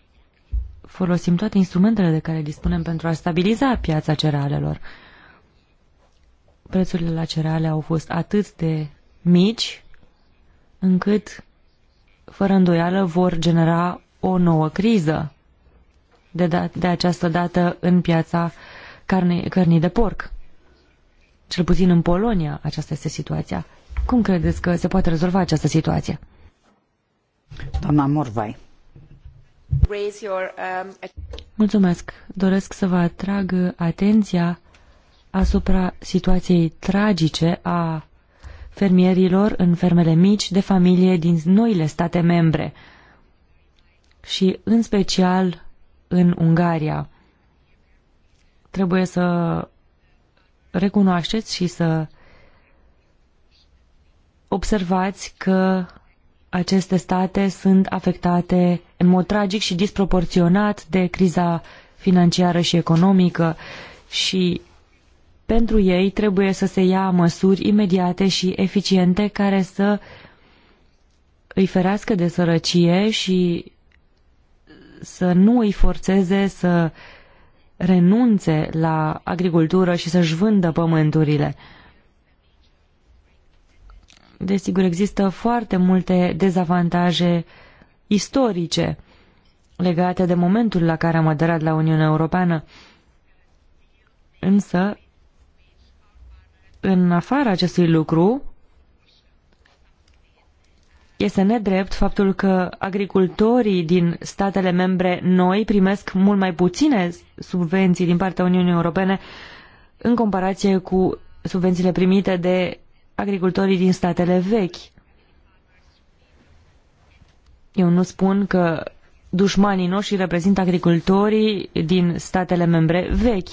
folosim toate instrumentele de care dispunem pentru a stabiliza piața cerealelor. Prețurile la cereale au fost atât de mici încât, fără îndoială, vor genera o nouă criză de, da- de această dată în piața carne- cărnii de porc. Cel puțin în Polonia aceasta este situația. Cum credeți că se poate rezolva această situație? Doamna Morvai. Um, Mulțumesc. Doresc să vă atrag atenția asupra situației tragice a fermierilor în fermele mici de familie din noile state membre și în special în Ungaria. Trebuie să recunoașteți și să observați că aceste state sunt afectate în mod tragic și disproporționat de criza financiară și economică și pentru ei trebuie să se ia măsuri imediate și eficiente care să îi ferească de sărăcie și să nu îi forțeze să renunțe la agricultură și să-și vândă pământurile. Desigur, există foarte multe dezavantaje istorice legate de momentul la care am aderat la Uniunea Europeană. Însă, în afara acestui lucru, este nedrept faptul că agricultorii din statele membre noi primesc mult mai puține subvenții din partea Uniunii Europene în comparație cu subvențiile primite de agricultorii din statele vechi. Eu nu spun că dușmanii noștri reprezintă agricultorii din statele membre vechi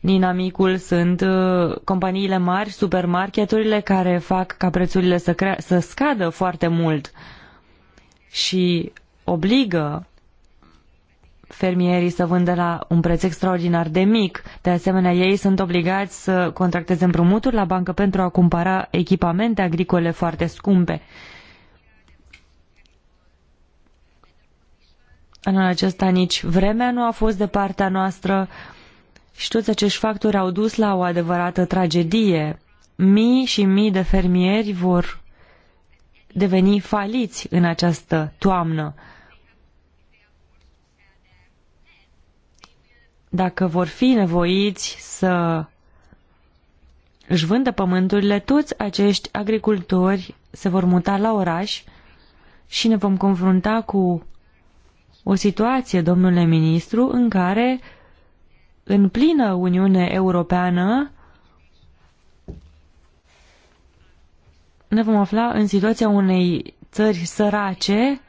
n-amicul sunt uh, companiile mari, supermarketurile care fac ca prețurile să, crea- să scadă foarte mult și obligă fermierii să vândă la un preț extraordinar de mic. De asemenea, ei sunt obligați să contracteze împrumuturi la bancă pentru a cumpăra echipamente agricole foarte scumpe. Anul acesta nici vremea nu a fost de partea noastră. Și toți acești factori au dus la o adevărată tragedie. Mii și mii de fermieri vor deveni faliți în această toamnă. Dacă vor fi nevoiți să își vândă pământurile, toți acești agricultori se vor muta la oraș și ne vom confrunta cu o situație, domnule ministru, în care în plină Uniune Europeană ne vom afla în situația unei țări sărace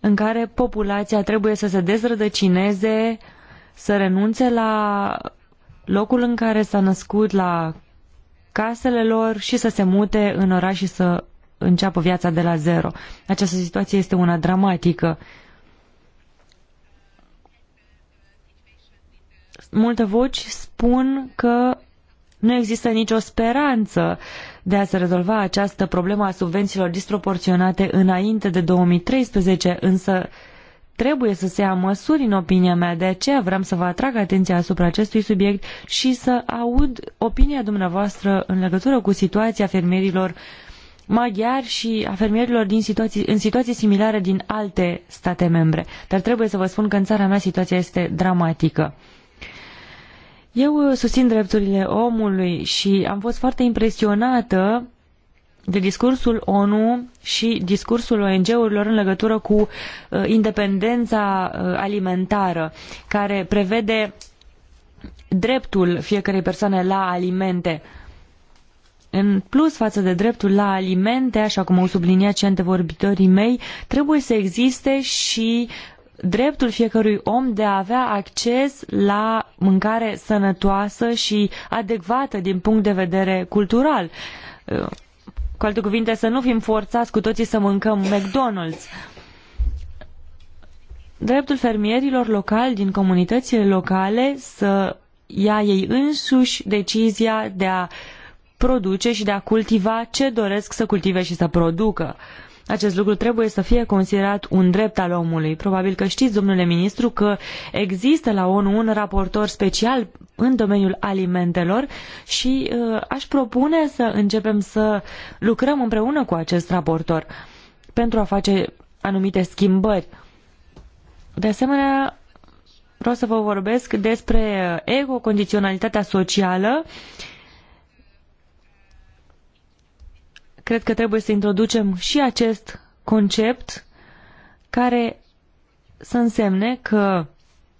în care populația trebuie să se dezrădăcineze, să renunțe la locul în care s-a născut, la casele lor și să se mute în oraș și să înceapă viața de la zero. Această situație este una dramatică. multe voci spun că nu există nicio speranță de a se rezolva această problemă a subvențiilor disproporționate înainte de 2013, însă trebuie să se ia măsuri în opinia mea, de aceea vreau să vă atrag atenția asupra acestui subiect și să aud opinia dumneavoastră în legătură cu situația fermierilor maghiari și a fermierilor din situații, în situații similare din alte state membre. Dar trebuie să vă spun că în țara mea situația este dramatică. Eu uh, susțin drepturile omului și am fost foarte impresionată de discursul ONU și discursul ONG-urilor în legătură cu uh, independența uh, alimentară, care prevede dreptul fiecarei persoane la alimente. În plus față de dreptul la alimente, așa cum au subliniat și antevorbitorii mei, trebuie să existe și dreptul fiecărui om de a avea acces la mâncare sănătoasă și adecvată din punct de vedere cultural. Cu alte cuvinte, să nu fim forțați cu toții să mâncăm McDonald's. Dreptul fermierilor locali din comunitățile locale să ia ei însuși decizia de a produce și de a cultiva ce doresc să cultive și să producă. Uh, acest lucru trebuie să fie considerat un drept al omului. Probabil că știți, domnule ministru, că există la ONU un raportor special în domeniul alimentelor și uh, aș propune să începem să lucrăm împreună cu acest raportor pentru a face anumite schimbări. De asemenea, vreau să vă vorbesc despre ecocondiționalitatea socială uh, Cred că trebuie să introducem și acest concept care să însemne că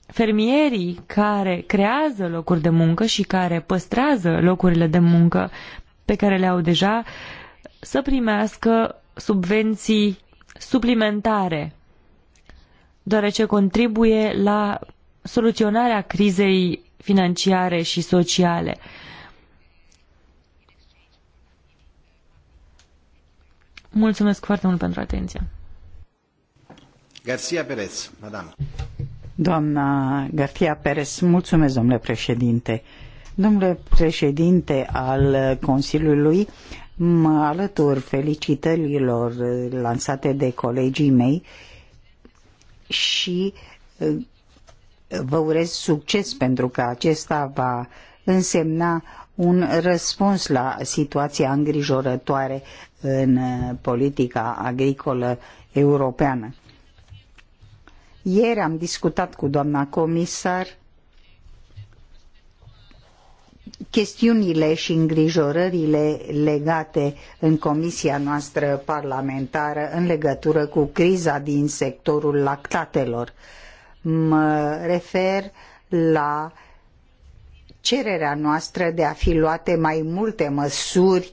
fermierii care creează locuri de muncă și care păstrează locurile de muncă pe care le au deja să primească subvenții suplimentare, deoarece contribuie la soluționarea crizei financiare și sociale. Mulțumesc foarte mult pentru atenție. García Perez, madame. Doamna García Perez, mulțumesc, domnule președinte. Domnule președinte al Consiliului, mă alătur felicitărilor lansate de colegii mei și uh, vă urez succes pentru că acesta va însemna un răspuns la situația îngrijorătoare în uh, politica agricolă europeană. Ieri am discutat cu doamna comisar chestiunile și îngrijorările legate în comisia noastră parlamentară în legătură cu criza din sectorul lactatelor. Mă refer la cererea noastră de a fi luate mai multe măsuri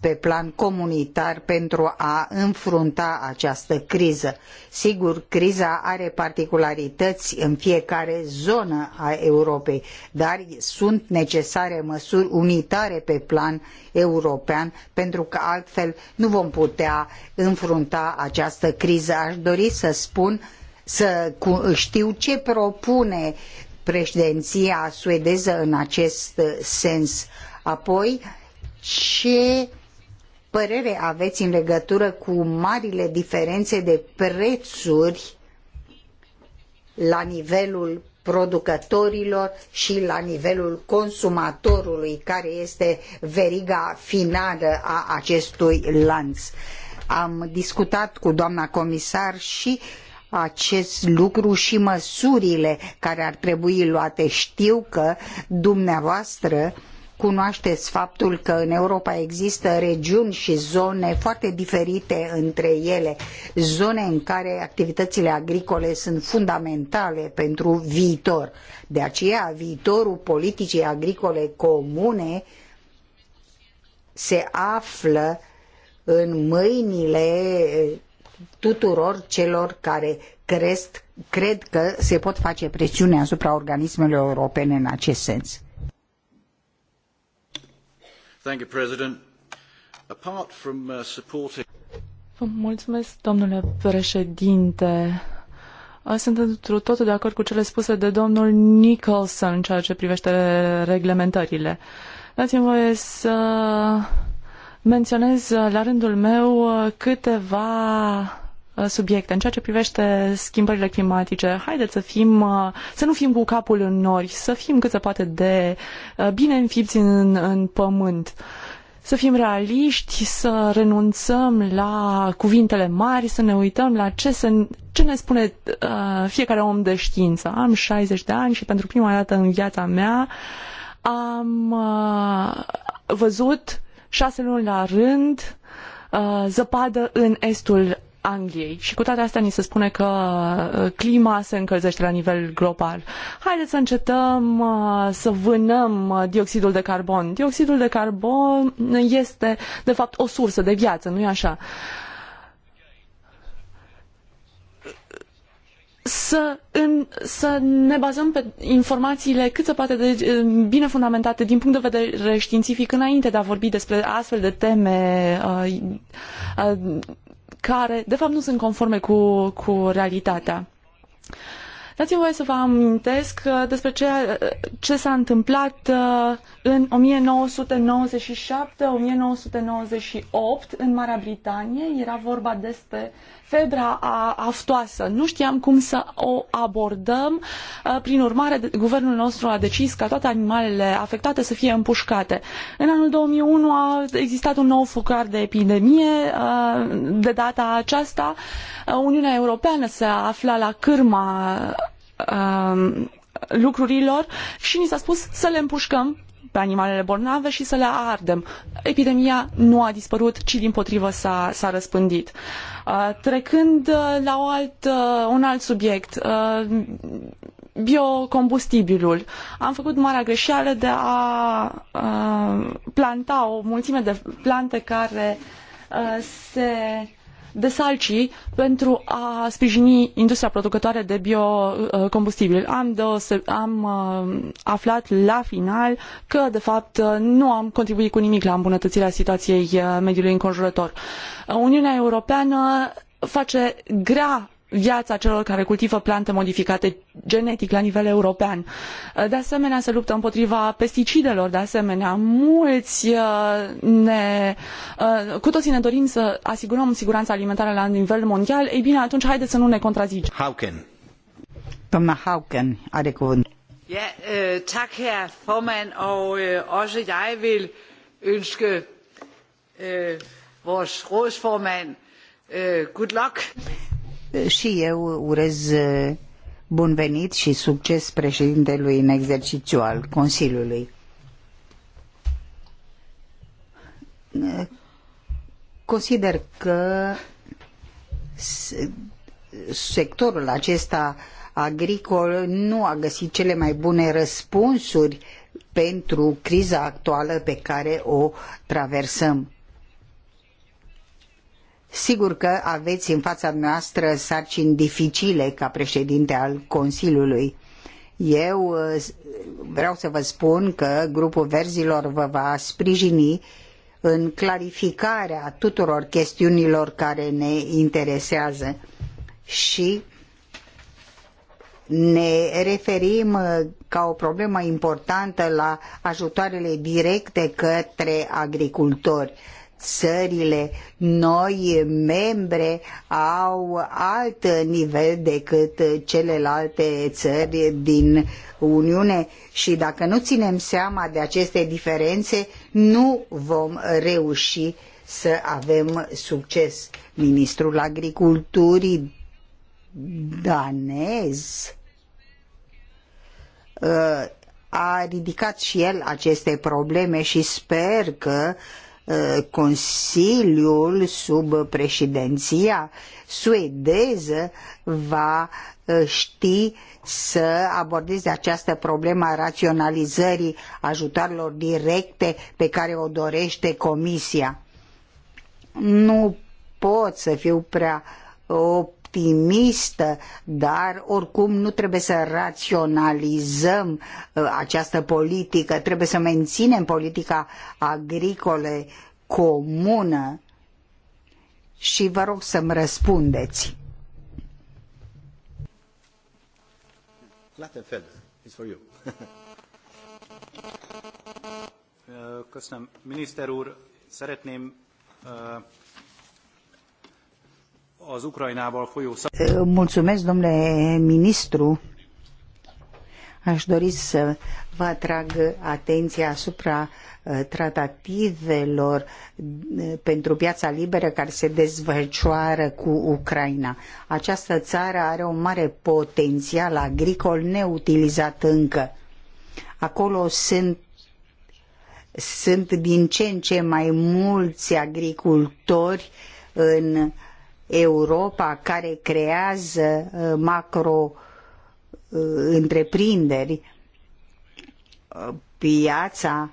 pe plan comunitar pentru a înfrunta această criză. Sigur, criza are particularități în fiecare zonă a Europei, dar sunt necesare măsuri unitare pe plan european pentru că altfel nu vom putea înfrunta această criză. Aș dori să spun să știu ce propune președinția suedeză în acest sens. Apoi, ce părere aveți în legătură cu marile diferențe de prețuri la nivelul producătorilor și la nivelul consumatorului, care este veriga finală a acestui lanț. Am discutat cu doamna comisar și acest lucru și măsurile care ar trebui luate. Știu că dumneavoastră uh, cunoașteți faptul că în Europa există regiuni și zone foarte diferite între ele, zone în care activitățile agricole sunt fundamentale pentru viitor. De aceea, viitorul politicii agricole comune se află în mâinile tuturor celor care cresc, cred că se pot face presiune asupra organismelor europene în acest sens. Thank you, President. Apart from uh, supporting... mulțumesc, domnule președinte. Sunt întru totul de acord cu cele spuse de domnul Nicholson în ceea ce privește reglementările. Dați-mi voie să menționez la rândul meu câteva Uh, subiecte. În ceea ce privește schimbările climatice, haideți să fim, uh, să nu fim cu capul în nori, să fim cât se poate de uh, bine înfipți în, în pământ să fim realiști, să renunțăm la cuvintele mari, să ne uităm la ce, se, ce ne spune uh, fiecare om de știință. Am 60 de ani și pentru prima dată în viața mea am uh, văzut șase luni la rând uh, zăpadă în estul Angliei și cu toate astea ni se spune că uh, clima se încălzește la nivel global. Haideți să încetăm uh, să vânăm uh, dioxidul de carbon. Dioxidul de carbon este, de fapt, o sursă de viață, nu-i așa? Să, în, să, ne bazăm pe informațiile cât se poate de bine fundamentate din punct de vedere științific înainte de a vorbi despre astfel de teme uh, uh, care, de fapt, nu sunt conforme cu, cu realitatea. Dați-mi voie să vă amintesc uh, despre ce, uh, ce s-a întâmplat uh, în 1997-1998 în Marea Britanie. Era vorba despre uh, febra aftoasă. Nu știam cum să o abordăm. Uh, prin urmare, guvernul nostru a decis ca toate animalele afectate să fie împușcate. În anul 2001 a existat un nou focar de epidemie. Uh, de data aceasta, uh, Uniunea Europeană se afla la cârma lucrurilor și ni s-a spus să le împușcăm pe animalele bolnave și să le ardem. Epidemia nu a dispărut, ci din potrivă s-a, s-a răspândit. Uh, trecând uh, la o alt, uh, un alt subiect, biocombustibilul. Am făcut marea greșeală de a planta o mulțime de plante care se de salcii pentru a sprijini industria producătoare de biocombustibil. Am, deose- am uh, aflat la final că, de fapt, nu am contribuit cu nimic la îmbunătățirea situației uh, mediului înconjurător. Uniunea Europeană face grea viața celor care cultivă plante modificate genetic la nivel european. De asemenea, se luptă împotriva pesticidelor, de asemenea, mulți uh, ne, uh, cu toții ne dorim să asigurăm siguranța alimentară la nivel mondial, ei bine, atunci haideți să nu ne contrazicem. Hauken. Doamna Hauken are cuvânt. Ja, øh, tak herr formand, og øh, også jeg vil ønske øh, vores rådsformand øh, good luck și eu urez uh, bun venit și succes președintelui în exercițiu al Consiliului. Uh, consider că sectorul acesta agricol nu a găsit cele mai bune răspunsuri pentru criza actuală pe care o traversăm Sigur că aveți în fața noastră sarcini dificile ca președinte al Consiliului. Eu uh, vreau să vă spun că grupul verzilor vă va sprijini în clarificarea tuturor chestiunilor care ne interesează și ne referim uh, ca o problemă importantă la ajutoarele directe către agricultori țările noi membre au alt nivel decât celelalte țări din Uniune și dacă nu ținem seama de aceste diferențe, nu vom reuși să avem succes. Ministrul Agriculturii danez uh, a ridicat și el aceste probleme și sper că uh, Uh, Consiliul sub președinția suedeză va uh, ști să abordeze această problemă a raționalizării ajutoarelor directe pe care o dorește Comisia. Nu pot să fiu prea optimistă, dar oricum nu trebuie să raționalizăm uh, această politică, trebuie să menținem politica agricole comună și vă rog să-mi răspundeți. Lattenfeld, it's for you. Köszönöm. Miniszter úr, szeretném uh, Mulțumesc, domnule ministru. Aș dori să vă atrag atenția asupra ă, tratativelor ă, pentru piața liberă care se dezvăcioară cu Ucraina. Această țară are un mare potențial agricol neutilizat încă. Acolo sunt sunt din ce în ce mai mulți agricultori în Europa care creează uh, macro uh, întreprinderi, uh, piața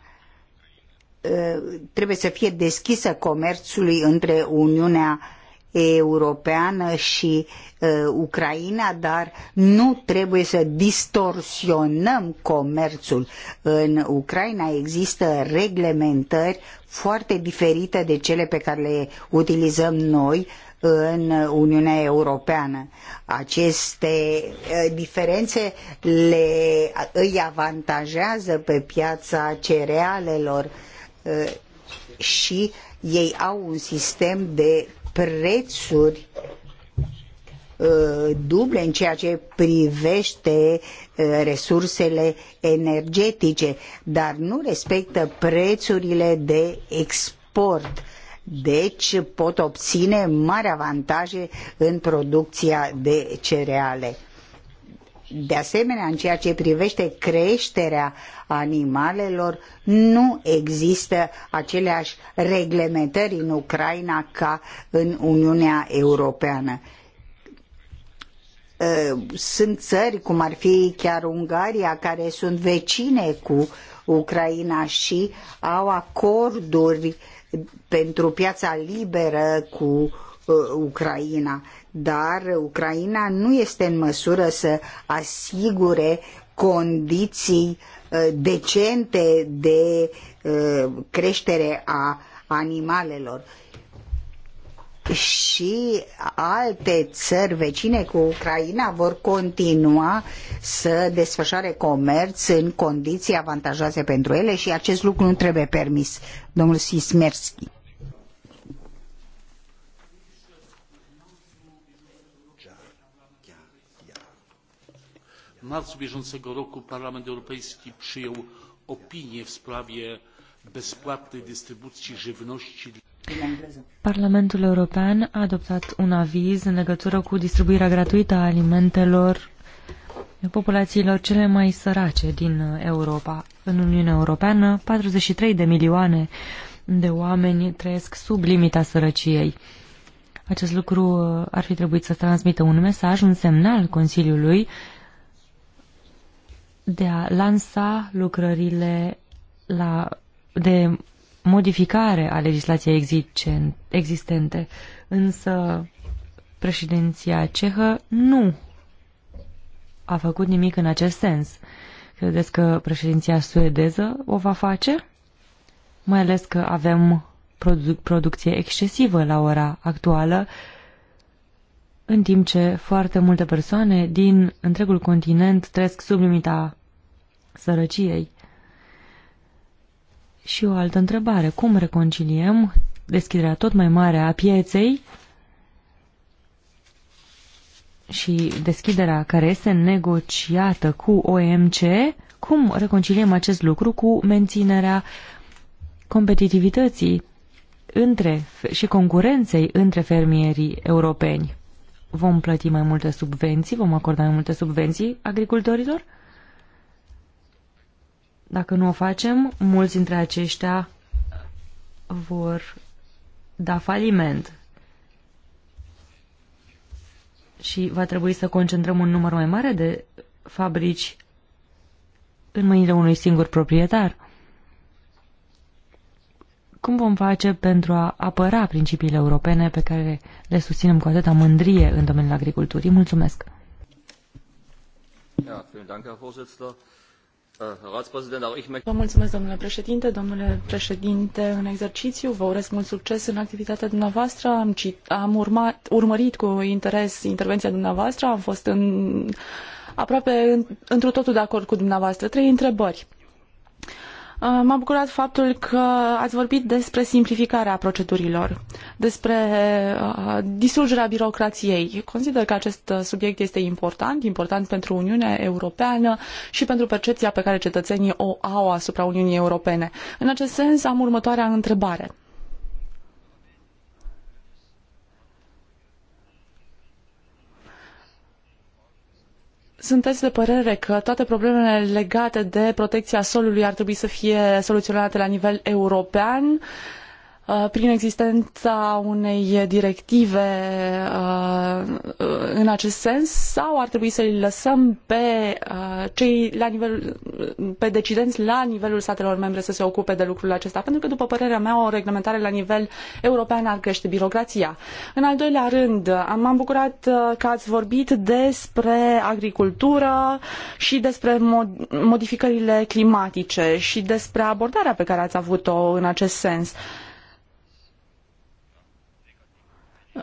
trebuie să fie deschisă comerțului între Uniunea Europeană și Ucraina, dar nu trebuie să distorsionăm comerțul. În Ucraina există reglementări foarte diferite de cele pe care le utilizăm noi în Uniunea Europeană. Aceste eh, diferențe le, îi avantajează pe piața cerealelor eh, și ei au un sistem de prețuri eh, duble în ceea ce privește resursele energetice, dar nu respectă prețurile de export deci pot obține mari avantaje în producția de cereale. De asemenea, în ceea ce privește creșterea animalelor, nu există aceleași reglementări în Ucraina ca în Uniunea Europeană ă, sunt țări, cum ar fi chiar Ungaria, care sunt vecine cu Ucraina și au acorduri pentru piața liberă cu uh, Ucraina, dar Ucraina nu este în măsură să asigure condiții uh, decente de uh, creștere a animalelor și alte țări vecine cu Ucraina vor continua să desfășoare comerț în condiții avantajoase pentru ele și acest lucru nu trebuie permis. Domnul Sismerski. Parlamentul marcu bieżącego roku Parlament Europejski przyjął opinię w sprawie bezpłatnej dystrybucji żywności Parlamentul European a adoptat un aviz în legătură cu distribuirea gratuită a alimentelor populațiilor cele mai sărace din Europa. În Uniunea Europeană, 43 de milioane de oameni trăiesc sub limita sărăciei. Acest lucru ar fi trebuit să transmită un mesaj, un semnal Consiliului de a lansa lucrările la, de modificare a legislației existente, însă președinția cehă nu a făcut nimic în acest sens. Credeți că președinția suedeză o va face? Mai ales că avem produ- producție excesivă la ora actuală, în timp ce foarte multe persoane din întregul continent trăiesc sub limita sărăciei. Și o altă întrebare. Cum reconciliem deschiderea tot mai mare a pieței și deschiderea care este negociată cu OMC? Cum reconciliem acest lucru cu menținerea competitivității între, și concurenței între fermierii europeni? Vom plăti mai multe subvenții? Vom acorda mai multe subvenții agricultorilor? Dacă nu o facem, mulți dintre aceștia vor da faliment și va trebui să concentrăm un număr mai mare de fabrici în mâinile unui singur proprietar. Cum vom face pentru a apăra principiile europene pe care le susținem cu atâta mândrie în domeniul agriculturii? Mulțumesc! Ja, vielen Dank, Herr Vorsitzender mulțumesc, domnule președinte, domnule președinte în exercițiu, vă urez mult succes în activitatea dumneavoastră. Am, urmărit cu interes intervenția dumneavoastră, am fost aproape întru totul de acord cu dumneavoastră. Trei întrebări. Uh, m-a bucurat faptul că ați vorbit despre simplificarea procedurilor, despre uh, distrugerea birocrației. Consider că acest uh, subiect este important, important pentru Uniunea Europeană și pentru percepția pe care cetățenii o au asupra Uniunii Europene. În acest sens am următoarea întrebare. sunteți de părere că toate problemele legate de protecția solului ar trebui să fie soluționate la nivel european uh, prin existența unei directive uh, în acest sens sau ar trebui să îi lăsăm pe uh, cei la nivel, pe decidenți la nivelul statelor membre să se ocupe de lucrul acesta? Pentru că, după părerea mea, o reglementare la nivel european ar crește birocrația. În al doilea rând, m-am bucurat uh, că ați vorbit despre agricultură și despre mod- modificările climatice și despre abordarea pe care ați avut-o în acest sens.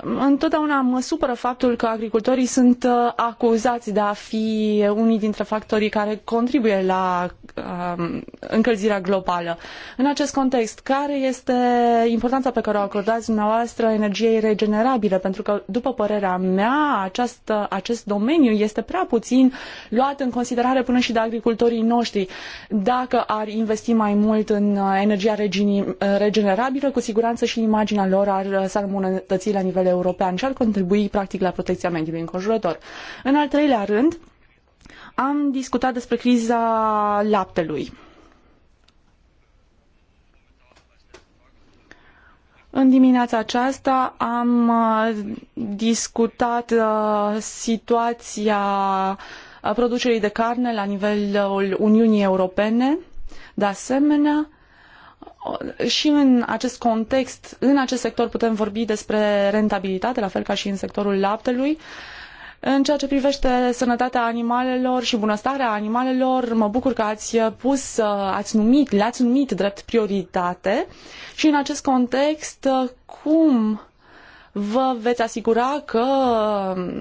Întotdeauna mă supără faptul că agricultorii sunt uh, acuzați de a fi unii dintre factorii care contribuie la um, încălzirea globală. În acest context, care este importanța pe care o acordați dumneavoastră energiei regenerabile? Pentru că, după părerea mea, acest, uh, acest domeniu este prea puțin luat în considerare până și de agricultorii noștri. Dacă ar investi mai mult în uh, energia regenerabilă, cu siguranță și imaginea lor ar s-ar îmbunătăți la nivel nivel european și ar contribui practic la protecția mediului înconjurător. În al treilea rând, am discutat despre criza laptelui. În dimineața aceasta am uh, discutat uh, situația uh, producerii de carne la nivelul Uniunii Europene. De asemenea, și în acest context, în acest sector putem vorbi despre rentabilitate, la fel ca și în sectorul laptelui. În ceea ce privește sănătatea animalelor și bunăstarea animalelor, mă bucur că ați pus, ați numit, le-ați numit drept prioritate și în acest context, cum vă veți asigura că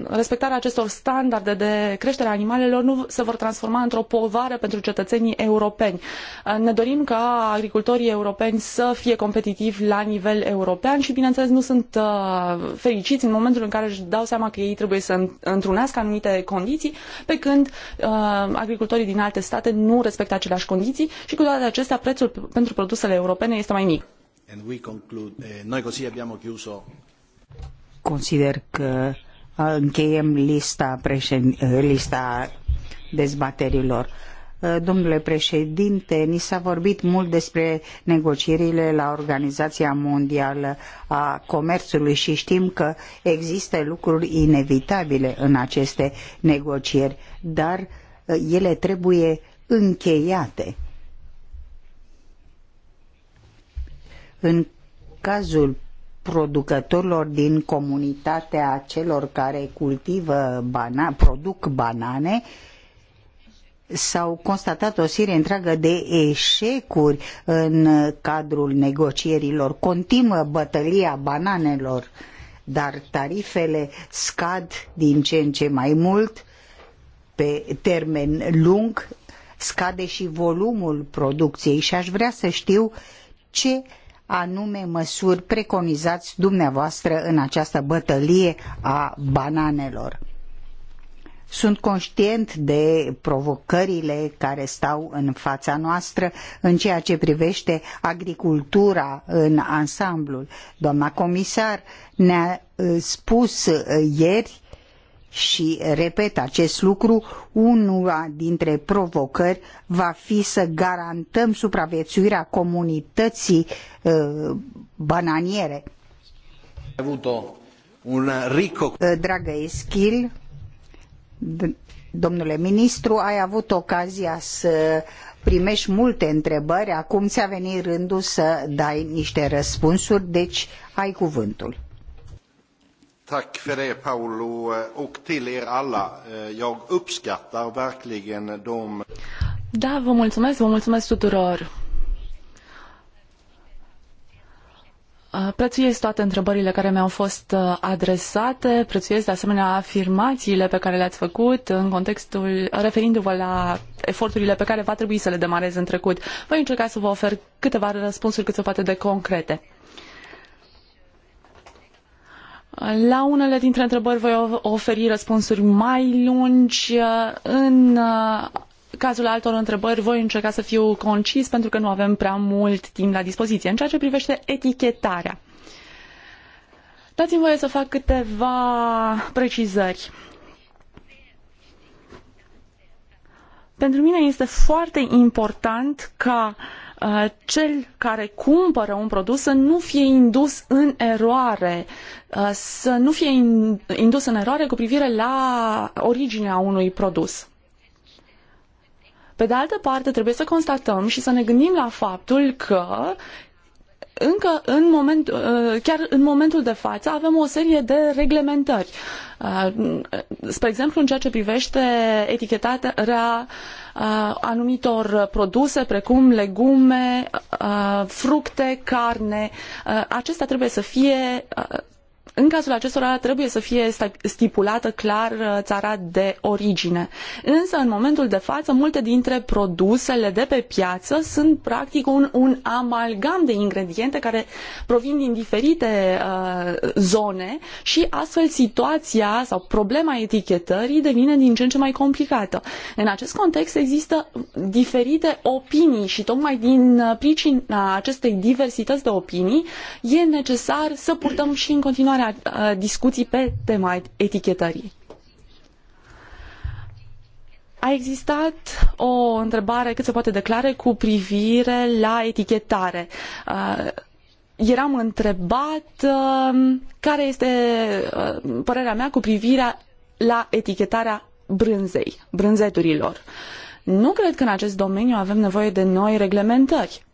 respectarea acestor standarde de creștere a animalelor nu se vor transforma într-o povară pentru cetățenii europeni. Uh, ne dorim ca agricultorii europeni să fie competitivi la nivel european și, bineînțeles, nu sunt uh, fericiți în momentul în care își dau seama că ei trebuie să întrunească anumite condiții, pe când uh, agricultorii din alte state nu respectă aceleași condiții și, cu toate acestea, prețul pentru produsele europene este mai mic. Eh, noi così abbiamo chiuso consider că încheiem lista, președ... lista dezbaterilor. Domnule președinte, ni s-a vorbit mult despre negocierile la Organizația Mondială a Comerțului și știm că există lucruri inevitabile în aceste negocieri, dar ele trebuie încheiate. În cazul producătorilor din comunitatea celor care cultivă bana, produc banane s-au constatat o serie întreagă de eșecuri în cadrul negocierilor. Continuă bătălia bananelor, dar tarifele scad din ce în ce mai mult pe termen lung, scade și volumul producției și aș vrea să știu ce anume măsuri preconizați dumneavoastră în această bătălie a bananelor? Sunt conștient de provocările care stau în fața noastră în ceea ce privește agricultura în ansamblul. Doamna comisar ne-a uh, spus uh, ieri și repet acest lucru, una dintre provocări va fi să garantăm supraviețuirea comunității uh, bananiere. Un rico... Uh, dragă Eschil, domnule ministru, ai avut ocazia să primești multe întrebări, acum ți-a venit rândul să dai niște răspunsuri, deci ai cuvântul. Tack för det Paolo och till er alla. Eh, jag uppskattar verkligen de... Da, vă mulțumesc, vă mulțumesc tuturor. Prețuiesc toate întrebările care mi-au fost adresate, prețuiesc de asemenea afirmațiile pe care le-ați făcut în contextul, referindu-vă la eforturile pe care va trebui să le demarez în trecut. Voi încerca să vă ofer câteva răspunsuri cât se poate de concrete. La unele dintre întrebări voi oferi răspunsuri mai lungi. În uh, cazul altor întrebări voi încerca să fiu concis pentru că nu avem prea mult timp la dispoziție. În ceea ce privește etichetarea, dați-mi voie să fac câteva precizări. Pentru mine este foarte important ca uh, Uh, cel care cumpără un produs să nu fie indus în eroare, uh, să nu fie indus în eroare cu privire la originea unui produs. Pe de altă parte, trebuie să constatăm și să ne gândim la faptul că încă în moment, uh, chiar în momentul de față avem o serie de reglementări. Spre exemplu, în ceea ce privește etichetarea Uh, anumitor produse precum legume, uh, fructe, carne. Uh, acestea trebuie să fie în cazul acestora trebuie să fie stipulată clar uh, țara de origine. Însă, în momentul de față, multe dintre produsele de pe piață sunt practic un, un amalgam de ingrediente care provin din diferite uh, zone și astfel situația sau problema etichetării devine din ce în ce mai complicată. În acest context există diferite opinii și tocmai din uh, pricina acestei diversități de opinii e necesar să purtăm și în continuare asemenea uh, discuții pe tema etichetării. A existat o întrebare cât se poate declare cu privire la etichetare. Uh, eram întrebat uh, care este părerea mea cu privire la etichetarea brânzei, brânzeturilor. Nu cred că în acest domeniu avem nevoie de noi reglementări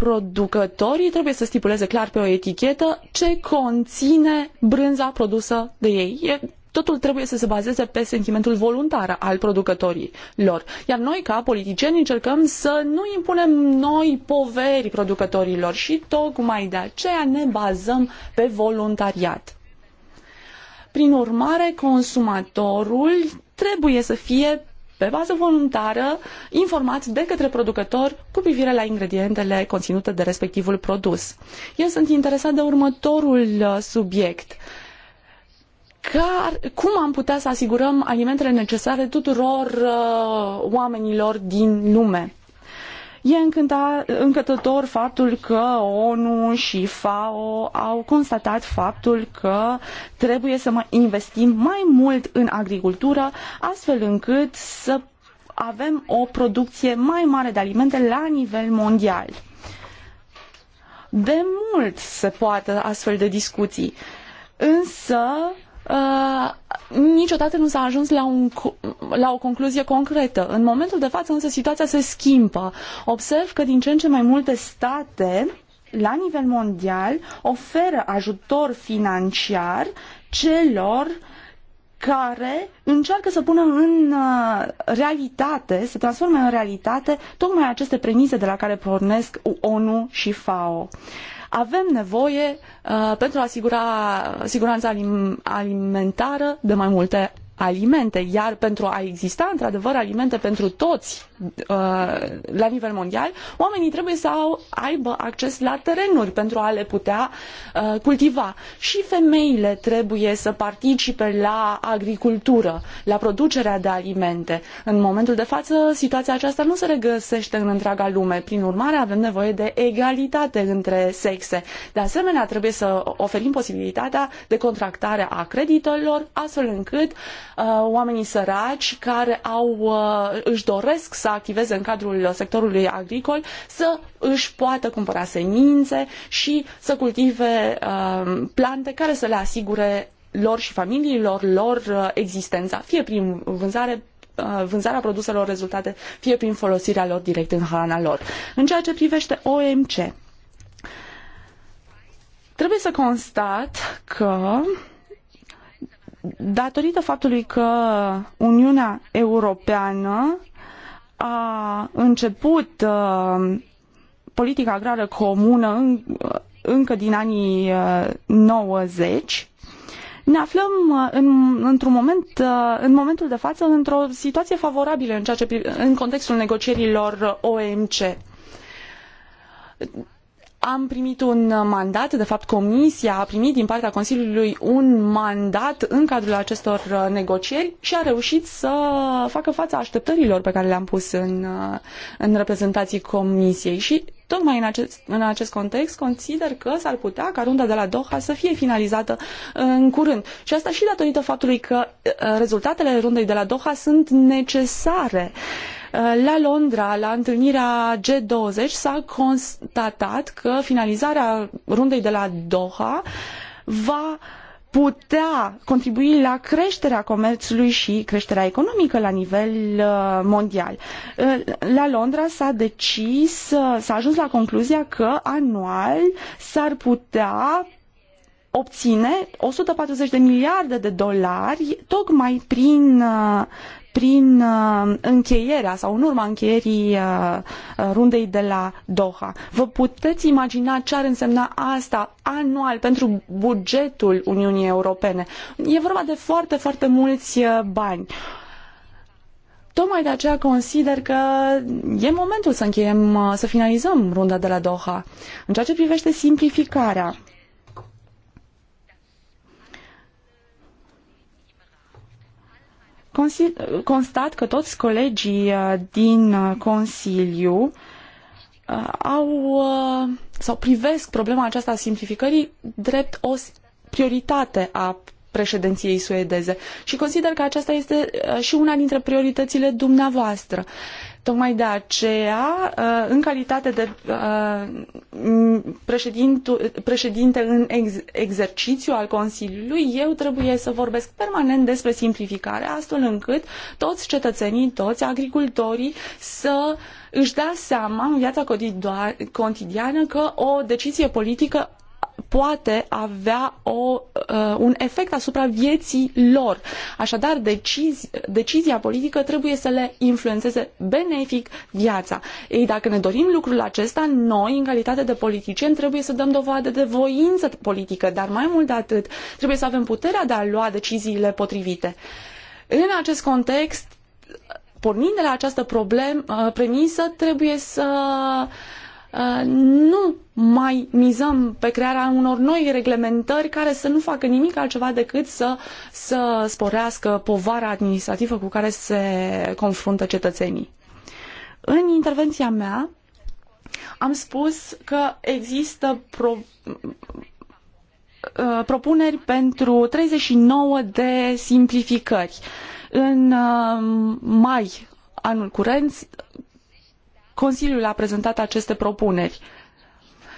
producătorii trebuie să stipuleze clar pe o etichetă ce conține brânza produsă de ei. E, totul trebuie să se bazeze pe sentimentul voluntar al producătorilor. Iar noi, ca politicieni, încercăm să nu impunem noi poveri producătorilor și tocmai de aceea ne bazăm pe voluntariat. Prin urmare, consumatorul trebuie să fie pe bază voluntară, informați de către producător cu privire la ingredientele conținute de respectivul produs. Eu sunt interesat de următorul uh, subiect. Car, cum am putea să asigurăm alimentele necesare tuturor uh, oamenilor din lume? E încânta, încătător faptul că ONU și FAO au constatat faptul că trebuie să mai investim mai mult în agricultură, astfel încât să avem o producție mai mare de alimente la nivel mondial. De mult se poate astfel de discuții, însă Uh, niciodată nu s-a ajuns la, un, la o concluzie concretă. În momentul de față însă situația se schimbă. Observ că din ce în ce mai multe state la nivel mondial oferă ajutor financiar celor care încearcă să pună în uh, realitate, să transforme în realitate tocmai aceste premise de la care pornesc ONU și FAO. Uh, avem nevoie, uh, pentru a asigura siguranța alimentară, de mai multe alimente, iar pentru a exista într-adevăr alimente pentru toți uh, la nivel mondial, oamenii trebuie să au, aibă acces la terenuri pentru a le putea uh, cultiva. Și femeile trebuie să participe la agricultură, la producerea de alimente. În momentul de față, situația aceasta nu se regăsește în întreaga lume. Prin urmare, avem nevoie de egalitate între sexe. De asemenea, trebuie să oferim posibilitatea de contractare a creditelor, astfel încât Uh, oamenii săraci care au, uh, își doresc să activeze în cadrul sectorului agricol să își poată cumpăra semințe și să cultive uh, plante care să le asigure lor și familiilor lor existența, fie prin vânzare, vânzarea produselor rezultate, fie prin folosirea lor direct în hrana lor. În ceea ce privește OMC, trebuie să constat că datorită faptului că Uniunea Europeană a început uh, politica agrară comună uh, încă din anii 90, uh, ne aflăm în, într-un moment, în momentul de față, într-o situație favorabilă în, ceea ce, în contextul negocierilor OMC am primit un uh, mandat, de fapt Comisia a primit din partea Consiliului un mandat în cadrul acestor uh, negocieri și a reușit să facă fața așteptărilor pe care le-am pus în, uh, în reprezentații Comisiei și Tocmai în acest, în acest context consider că s-ar putea ca runda de la Doha să fie finalizată în curând. Și asta și datorită faptului că rezultatele rundei de la Doha sunt necesare. Uh, Uh, la Londra, la întâlnirea G20, s-a constatat că finalizarea rundei de la Doha va putea contribui la creșterea comerțului și creșterea economică la nivel uh, mondial. Uh, la Londra s-a decis, s-a ajuns la concluzia că anual s-ar putea obține 140 de miliarde de dolari tocmai prin prin uh, încheierea sau în urma încheierii uh, uh, rundei de la Doha. Vă puteți imagina ce ar însemna asta anual pentru bugetul Uniunii Europene? E vorba de foarte, foarte mulți bani. Tocmai de aceea consider că e momentul să încheiem, să finalizăm runda de la Doha. În ceea ce privește simplificarea, constat că toți colegii uh, din uh, Consiliu uh, au sau privesc problema aceasta a simplificării drept o prioritate a președinției suedeze și consider că aceasta este și una dintre prioritățile dumneavoastră. Tocmai de aceea, uh, în calitate de uh, președinte în exercițiu al Consiliului, eu trebuie să vorbesc permanent despre simplificare, astfel încât toți cetățenii, toți agricultorii să își dea seama în viața cotidiană că o decizie politică poate avea o, uh, un efect asupra vieții lor. Așadar, decizi, decizia politică trebuie să le influențeze benefic viața. Ei, dacă ne dorim lucrul acesta, noi, în calitate de politicieni, trebuie să dăm dovadă de voință politică, dar mai mult de atât, trebuie să avem puterea de a lua deciziile potrivite. În acest context, pornind de la această problem, uh, premisă, trebuie să uh, Uh, nu mai mizăm pe crearea unor noi reglementări care să nu facă nimic altceva decât să, să sporească povara administrativă cu care se confruntă cetățenii. În intervenția mea am spus că există pro, uh, propuneri pentru 39 de simplificări. În uh, mai anul curent, Consiliul a prezentat aceste propuneri.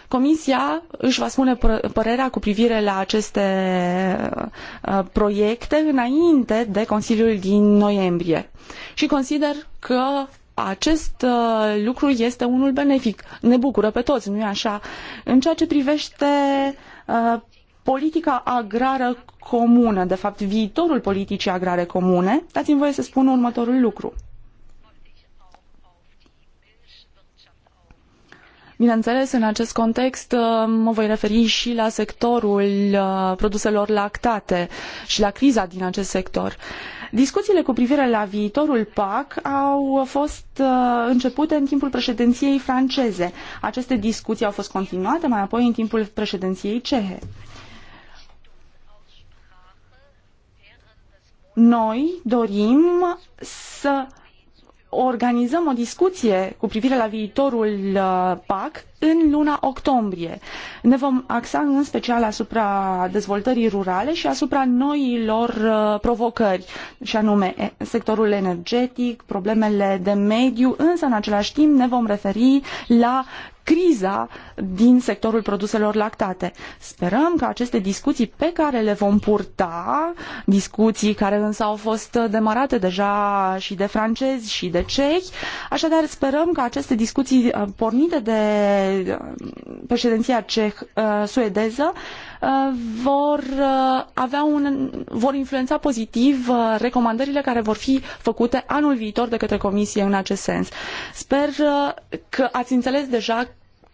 Comisia își va spune părerea cu privire la aceste uh, proiecte înainte de Consiliul din noiembrie. Și consider că acest uh, lucru este unul benefic. Ne bucură pe toți, nu-i așa? În ceea ce privește uh, politica agrară comună, de fapt viitorul politicii agrare comune, dați-mi voie să spun următorul lucru. Bineînțeles, în acest context uh, mă voi referi și la sectorul uh, produselor lactate și la criza din acest sector. Discuțiile cu privire la viitorul PAC au fost uh, începute în timpul președinției franceze. Aceste discuții au fost continuate mai apoi în timpul președinției cehe. Noi dorim să organizăm o discuție cu privire la viitorul uh, PAC în luna octombrie. Ne vom axa în special asupra dezvoltării rurale și asupra noilor uh, provocări, și anume sectorul energetic, problemele de mediu, însă în același timp ne vom referi la criza din sectorul produselor lactate. Sperăm că aceste discuții pe care le vom purta, discuții care însă au fost demarate deja și de francezi și de cehi, așadar sperăm că aceste discuții uh, pornite de uh, președinția ceh uh, suedeză vor avea un, vor influența pozitiv recomandările care vor fi făcute anul viitor de către Comisie în acest sens. Sper că ați înțeles deja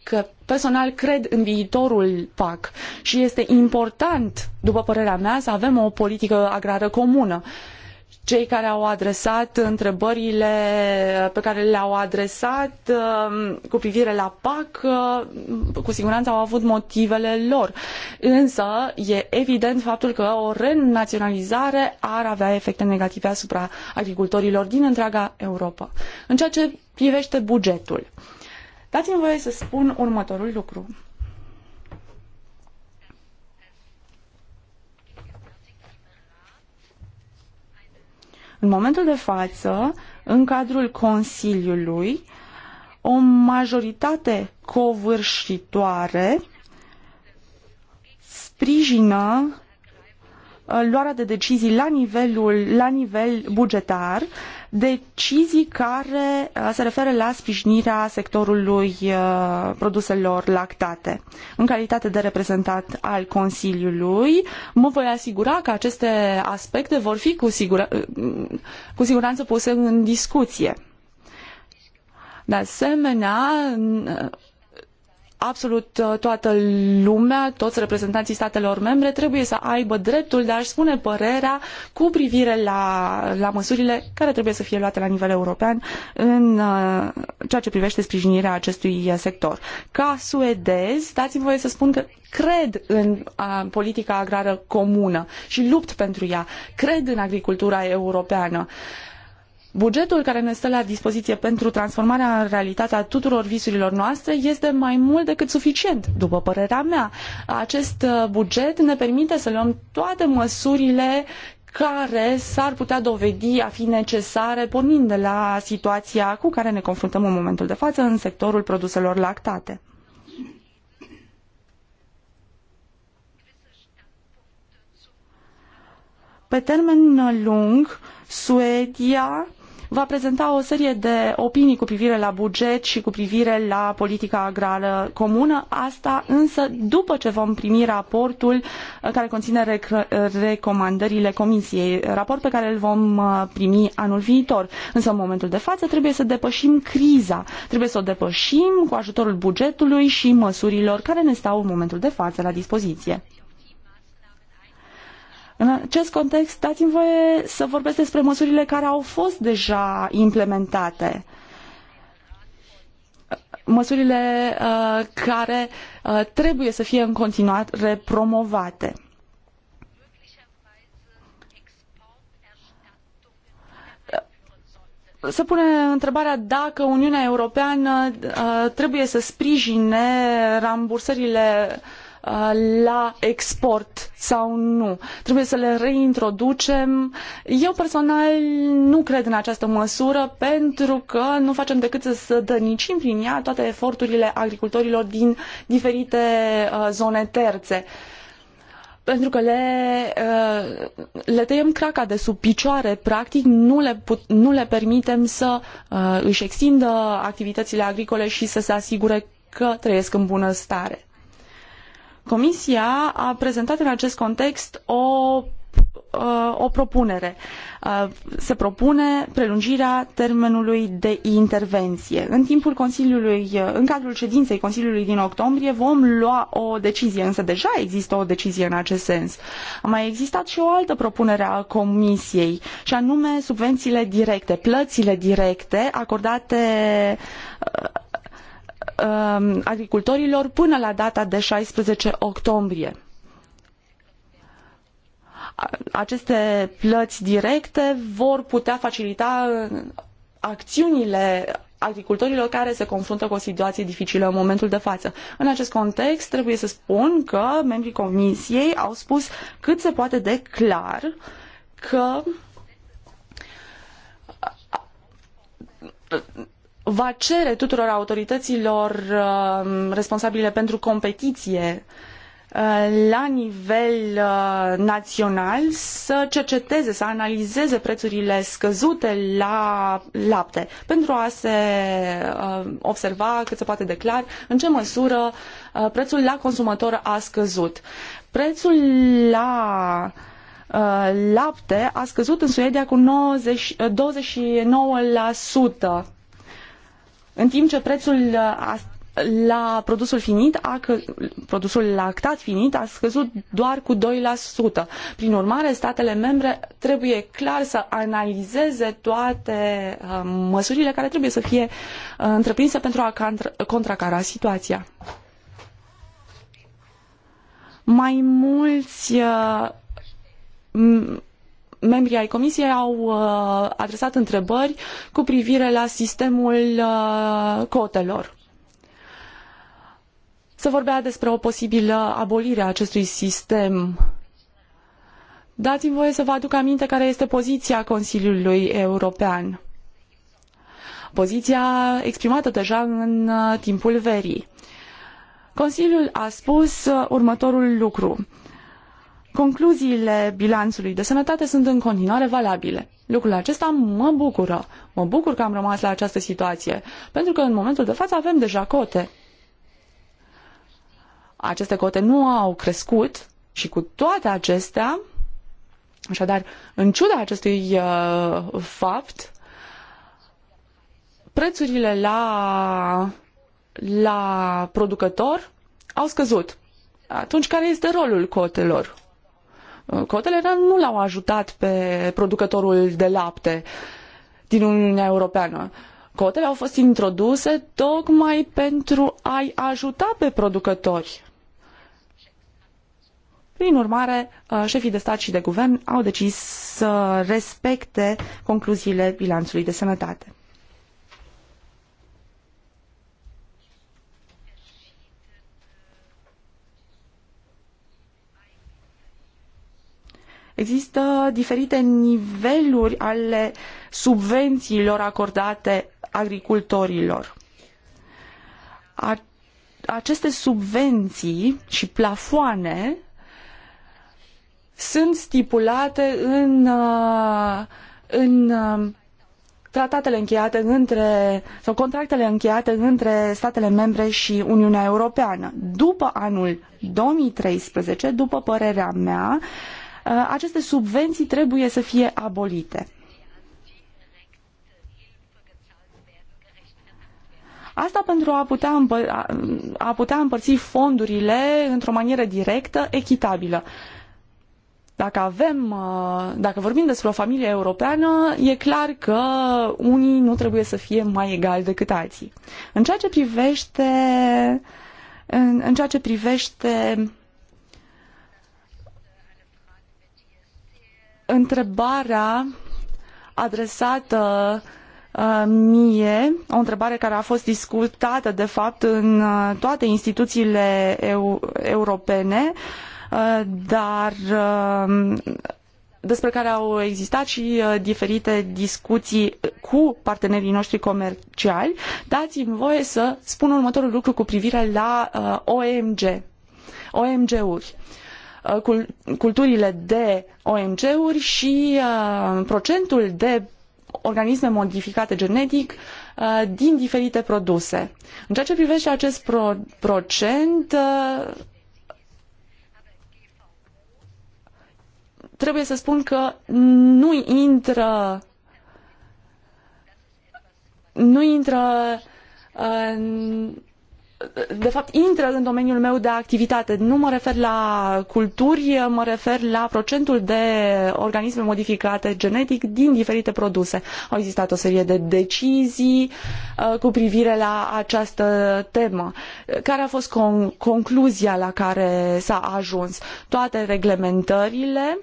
că personal cred în viitorul PAC și este important, după părerea mea, să avem o politică agrară comună. Cei care au adresat întrebările pe care le-au adresat um, cu privire la PAC, um, cu siguranță au avut motivele lor. Însă e evident faptul că o renaționalizare ar avea efecte negative asupra agricultorilor din întreaga Europa. În ceea ce privește bugetul. Uh, Dați-mi voie să spun următorul lucru. În momentul de față, în cadrul Consiliului, o majoritate covârșitoare sprijină uh, luarea de decizii la, nivelul, la nivel bugetar decizii care uh, se referă la sprijinirea sectorului uh, produselor lactate. În calitate de reprezentant al Consiliului, mă voi asigura că aceste aspecte vor fi cu, sigura, uh, cu siguranță puse în discuție. De asemenea, absolut uh, toată lumea, toți reprezentanții statelor membre trebuie să aibă dreptul de a-și spune părerea cu privire la, la măsurile care trebuie să fie luate la nivel european în uh, ceea ce privește sprijinirea acestui uh, sector. Ca suedez, dați-mi voie să spun că cred în a, politica agrară comună și lupt pentru ea. Cred în agricultura europeană. Uh, Bugetul care ne stă la dispoziție pentru transformarea în realitate a tuturor visurilor noastre este mai mult decât suficient, după părerea mea. Acest uh, buget ne permite să luăm toate măsurile care s-ar putea dovedi a fi necesare pornind de la situația cu care ne confruntăm în momentul de față în sectorul produselor lactate. Pe termen lung, Suedia va prezenta o serie de opinii cu privire la buget și cu privire la politica agrară comună, asta însă după ce vom primi raportul uh, care conține recomandările Comisiei, raport pe care îl vom uh, primi anul viitor. Însă în momentul de față trebuie să depășim criza, trebuie să o depășim cu ajutorul bugetului și măsurilor care ne stau în momentul de față la dispoziție. În acest context, dați-mi voie să vorbesc despre măsurile care au fost deja implementate măsurile uh, care uh, trebuie să fie în continuare promovate. Se pune întrebarea dacă Uniunea Europeană uh, trebuie să sprijine rambursările uh, Uh, la export sau nu. Trebuie să le reintroducem. Eu personal nu cred în această măsură pentru că nu facem decât să, să dănicim prin ea toate eforturile agricultorilor din diferite uh, zone terțe pentru că le, uh, le tăiem craca de sub picioare, practic, nu le, put, nu le permitem să uh, își extindă activitățile agricole și să se asigure că trăiesc în bună stare. Comisia a prezentat în acest context o uh, o propunere. Uh, se propune prelungirea termenului de intervenție. În timpul Consiliului, uh, în cadrul ședinței Consiliului din octombrie, vom lua o decizie, însă deja există o decizie în acest sens. A mai existat și o altă propunere a Comisiei, și anume subvențiile directe, plățile directe acordate Um, agricultorilor până la data de 16 octombrie aceste plăți directe vor putea facilita uh, acțiunile agricultorilor care se confruntă cu o situație dificilă în momentul de față. În acest context, trebuie să spun că membrii comisiei au spus cât se poate de clar că va cere tuturor autorităților uh, responsabile pentru competiție uh, la nivel uh, național să cerceteze, să analizeze prețurile scăzute la lapte pentru a se observa cât se poate de clar în ce măsură prețul la consumator a scăzut. Prețul la lapte a scăzut în Suedia cu 90, 29% în timp ce prețul uh, la produsul finit, a, produsul lactat finit a scăzut doar cu 2%. Prin urmare, statele membre trebuie clar să analizeze toate uh, măsurile care trebuie să fie uh, întreprinse pentru a contracara situația. Mai mulți uh, membrii ai comisiei au uh, adresat întrebări cu privire la sistemul uh, cotelor. Se vorbea despre o posibilă abolire a acestui sistem. Dați-mi voie să vă aduc aminte care este poziția Consiliului European. Poziția exprimată deja în uh, timpul verii. Consiliul a spus următorul lucru Concluziile bilanțului de sănătate sunt în continuare valabile. Lucrul acesta mă bucură. Mă bucur că am rămas la această situație, pentru că în momentul de față avem deja cote. Aceste cote nu au crescut și cu toate acestea, așadar, în ciuda acestui uh, fapt, prețurile la, la producător au scăzut. Atunci, care este rolul cotelor? Uh, cotele nu l-au ajutat pe producătorul de lapte din Uniunea Europeană. Cotele au fost introduse tocmai pentru a-i ajuta pe producători. Prin urmare, uh, șefii de stat și de guvern au decis să respecte concluziile bilanțului de sănătate. Există diferite niveluri ale subvențiilor acordate agricultorilor. Aceste subvenții și plafoane sunt stipulate în, uh, în uh, tratatele încheiate între sau contractele încheiate între statele membre și Uniunea Europeană. După anul 2013, după părerea mea, uh, Uh, aceste subvenții trebuie să fie abolite. Asta pentru a putea, împăr- a putea împărți fondurile într-o manieră directă, echitabilă. Dacă avem, uh, dacă vorbim despre o familie europeană, e clar că unii nu trebuie să fie mai egali decât alții. În ceea ce privește, în, în ceea ce privește întrebarea adresată uh, mie, o întrebare care a fost discutată de fapt în uh, toate instituțiile eu, europene, uh, dar despre care au existat și diferite discuții cu partenerii noștri comerciali, dați-mi voie să spun următorul lucru cu privire la OMG, OMG-uri. Uh, culturile de OMG-uri și uh, procentul de organisme modificate genetic uh, din diferite produse. În ceea ce privește acest pro procent, trebuie să spun că nu intră nu intră în de fapt, intră în domeniul meu de activitate. Nu mă refer la culturi, mă refer la procentul de organisme modificate genetic din diferite produse. Au existat o serie de decizii uh, cu privire la această temă. Care a fost con- concluzia la care s-a ajuns? Toate reglementările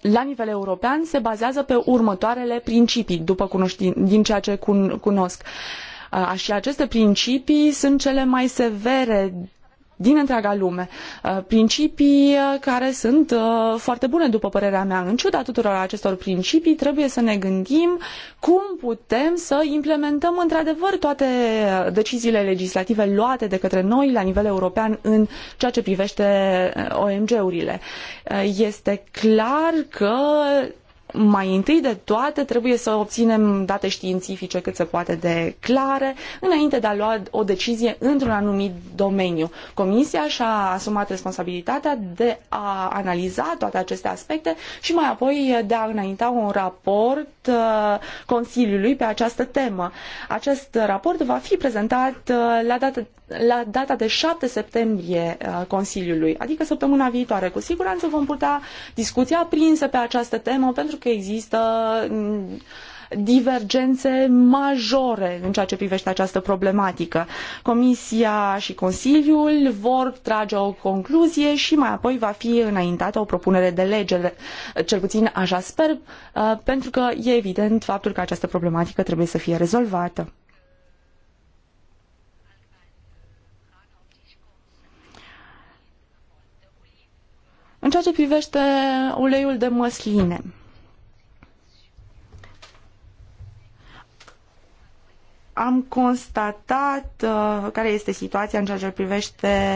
la nivel european se bazează pe următoarele principii, după cunoștin- din ceea ce cun- cunosc. Uh, și aceste principii sunt cele mai severe din întreaga lume. Principii care sunt foarte bune, după părerea mea. În ciuda tuturor acestor principii, trebuie să ne gândim cum putem să implementăm într-adevăr toate deciziile legislative luate de către noi la nivel european în ceea ce privește OMG-urile. Este clar că mai întâi de toate trebuie să obținem date științifice cât se poate de clare înainte de a lua o decizie într-un anumit domeniu. Comisia și-a asumat responsabilitatea de a analiza toate aceste aspecte și mai apoi de a înainta un raport Uh, Consiliului pe această temă. Acest raport va fi prezentat uh, la data, la data de 7 septembrie uh, Consiliului, adică săptămâna viitoare. Cu siguranță vom putea discuția aprinsă pe această temă pentru că există mm, divergențe majore în ceea ce privește această problematică. Comisia și Consiliul vor trage o concluzie și mai apoi va fi înaintată o propunere de lege, cel puțin așa sper, uh, pentru că e evident faptul că această problematică trebuie să fie rezolvată. În ceea ce privește uleiul de măsline, am constatat uh, care este situația în ceea ce privește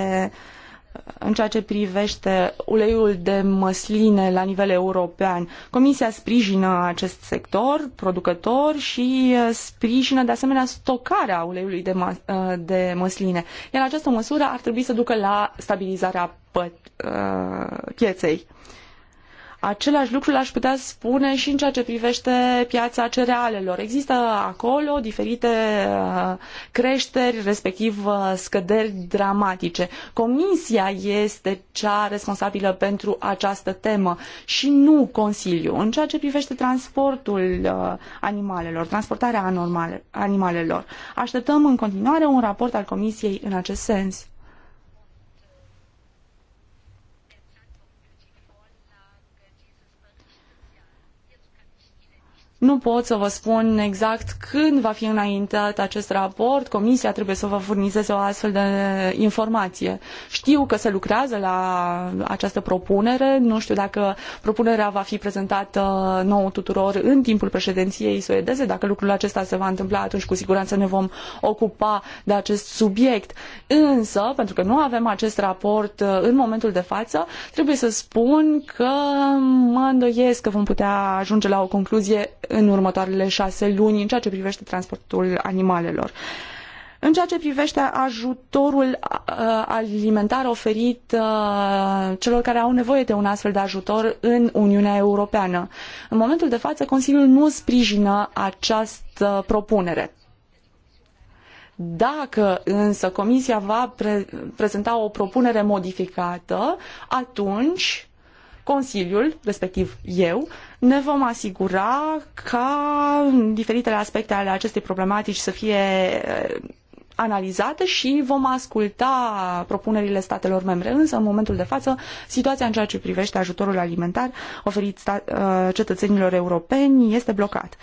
în ceea ce privește uleiul de măsline la nivel european. Comisia sprijină acest sector producător și uh, sprijină de asemenea stocarea uleiului de, mă, uh, de măsline. Iar această măsură ar trebui să ducă la stabilizarea pieței. Uh, Același lucru l-aș putea spune și în ceea ce privește piața cerealelor. Există acolo diferite uh, creșteri, respectiv uh, scăderi dramatice. Comisia este cea responsabilă pentru această temă și nu Consiliul. În ceea ce privește transportul uh, animalelor, transportarea animalelor, așteptăm în continuare un raport al Comisiei în acest sens. Nu pot să vă spun exact când va fi înaintat acest raport. Comisia trebuie să vă furnizeze o astfel de informație. Știu că se lucrează la această propunere. Nu știu dacă propunerea va fi prezentată nouă tuturor în timpul președinției suedeze. Dacă lucrul acesta se va întâmpla, atunci cu siguranță ne vom ocupa de acest subiect. Însă, pentru că nu avem acest raport uh, în momentul de față, trebuie să spun că mă îndoiesc că vom putea ajunge la o concluzie în următoarele șase luni în ceea ce privește transportul animalelor. În ceea ce privește ajutorul uh, alimentar oferit uh, celor care au nevoie de un astfel de ajutor în Uniunea Europeană, în momentul de față Consiliul nu sprijină această propunere. Dacă însă Comisia va pre prezenta o propunere modificată, atunci Consiliul, respectiv eu, ne vom asigura ca diferitele aspecte ale acestei problematici să fie eh, analizate și vom asculta propunerile statelor membre. Însă, în momentul de față, situația în ceea ce privește ajutorul alimentar oferit stat, eh, cetățenilor europeni este blocat.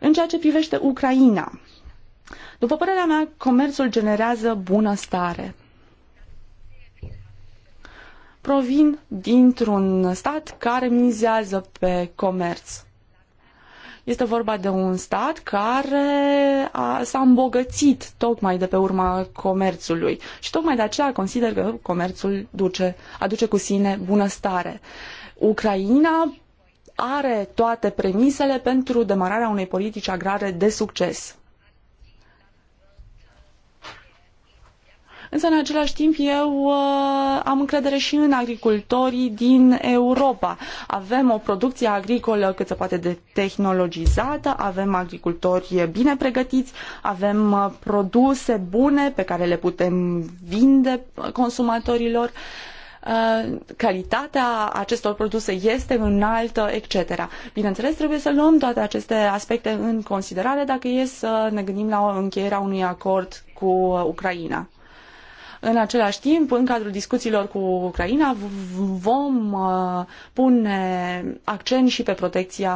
În ceea ce privește Ucraina, după părerea mea, comerțul generează bunăstare provin dintr-un stat care mizează pe comerț. Este vorba de un stat care s-a îmbogățit tocmai de pe urma comerțului și tocmai de aceea consider că comerțul duce, aduce cu sine bunăstare. Ucraina are toate premisele pentru demararea unei politici agrare de succes. Însă, în același timp, eu uh, am încredere și în agricultorii din Europa. Avem o producție agricolă cât se poate de tehnologizată, avem agricultori bine pregătiți, avem uh, produse bune pe care le putem vinde consumatorilor uh, calitatea acestor produse este înaltă, etc. Bineînțeles, trebuie să luăm toate aceste aspecte în considerare dacă e să ne gândim la încheierea unui acord cu Ucraina. În același timp, în cadrul discuțiilor cu Ucraina, vom uh, pune accent și pe protecția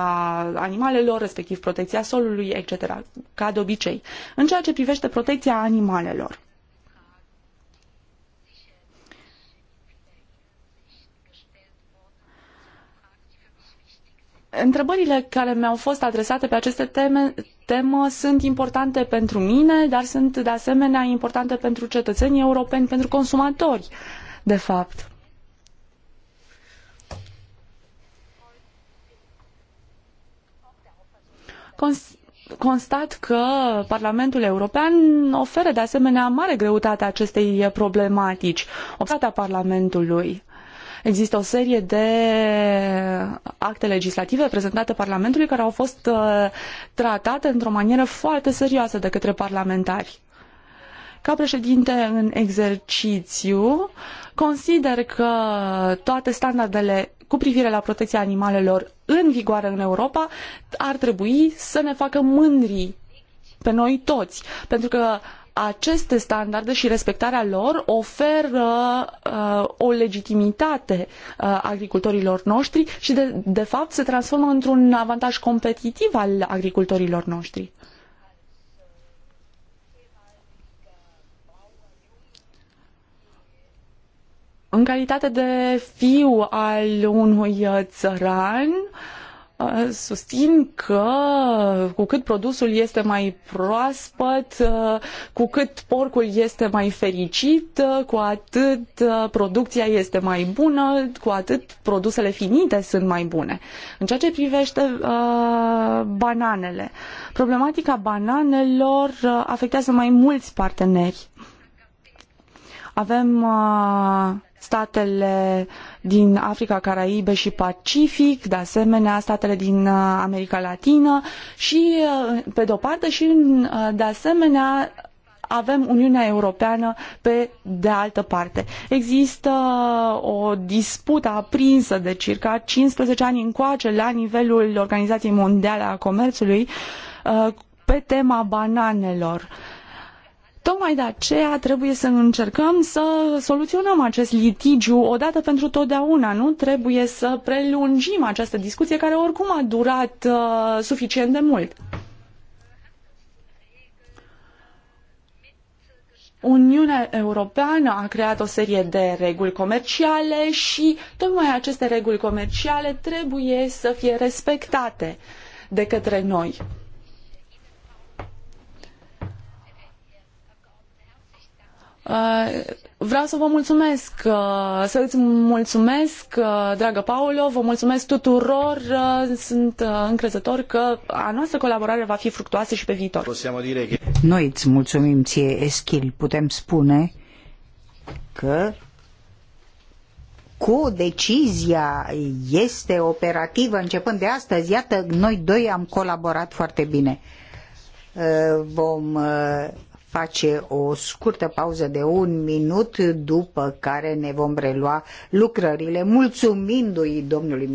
animalelor, respectiv protecția solului, etc., ca de obicei. În ceea ce privește protecția animalelor, Întrebările care mi-au fost adresate pe aceste teme temă sunt importante pentru mine, dar sunt de asemenea importante pentru cetățenii europeni, pentru consumatori, de fapt. constat că Parlamentul European oferă de asemenea mare greutate acestei problematici. Obstatea Parlamentului Există o serie de acte legislative prezentate Parlamentului care au fost uh, tratate într-o manieră foarte serioasă de către parlamentari. Ca președinte în exercițiu, consider că toate standardele cu privire la protecția animalelor în vigoare în Europa ar trebui să ne facă mândri pe noi toți, pentru că aceste standarde și respectarea lor oferă uh, o legitimitate uh, agricultorilor noștri și de, de fapt se transformă într-un avantaj competitiv al agricultorilor noștri. În calitate de fiu al unui uh, țăran, uh, Uh, susțin că cu cât produsul este mai proaspăt, uh, cu cât porcul este mai fericit, uh, cu atât producția este mai bună, cu atât produsele finite sunt mai bune. În ceea ce privește uh, bananele, problematica bananelor afectează mai mulți parteneri. Avem uh, statele din Africa, Caraibe și Pacific, de asemenea statele din uh, America Latină și uh, pe de o parte și uh, de asemenea avem Uniunea Europeană pe de altă parte. Există o dispută aprinsă de circa 15 ani încoace la nivelul Organizației Mondiale a Comerțului pe tema bananelor. Uh, Tocmai de aceea trebuie să încercăm să soluționăm acest litigiu odată pentru totdeauna. Nu trebuie să prelungim această discuție care oricum a durat uh, suficient de mult. Uniunea Europeană a creat o serie de reguli comerciale și tocmai aceste reguli comerciale trebuie să fie respectate de către noi. Uh, vreau să vă mulțumesc, uh, să îți mulțumesc, uh, dragă Paolo, vă mulțumesc tuturor, sunt încrezător că a noastră colaborare va fi fructuoasă și pe viitor. Noi îți mulțumim ție, Eschil, putem spune că cu decizia este operativă începând de astăzi, iată, noi doi am colaborat foarte bine. Vom face o scurtă pauză de un minut, după care ne vom relua lucrările, mulțumindu-i domnului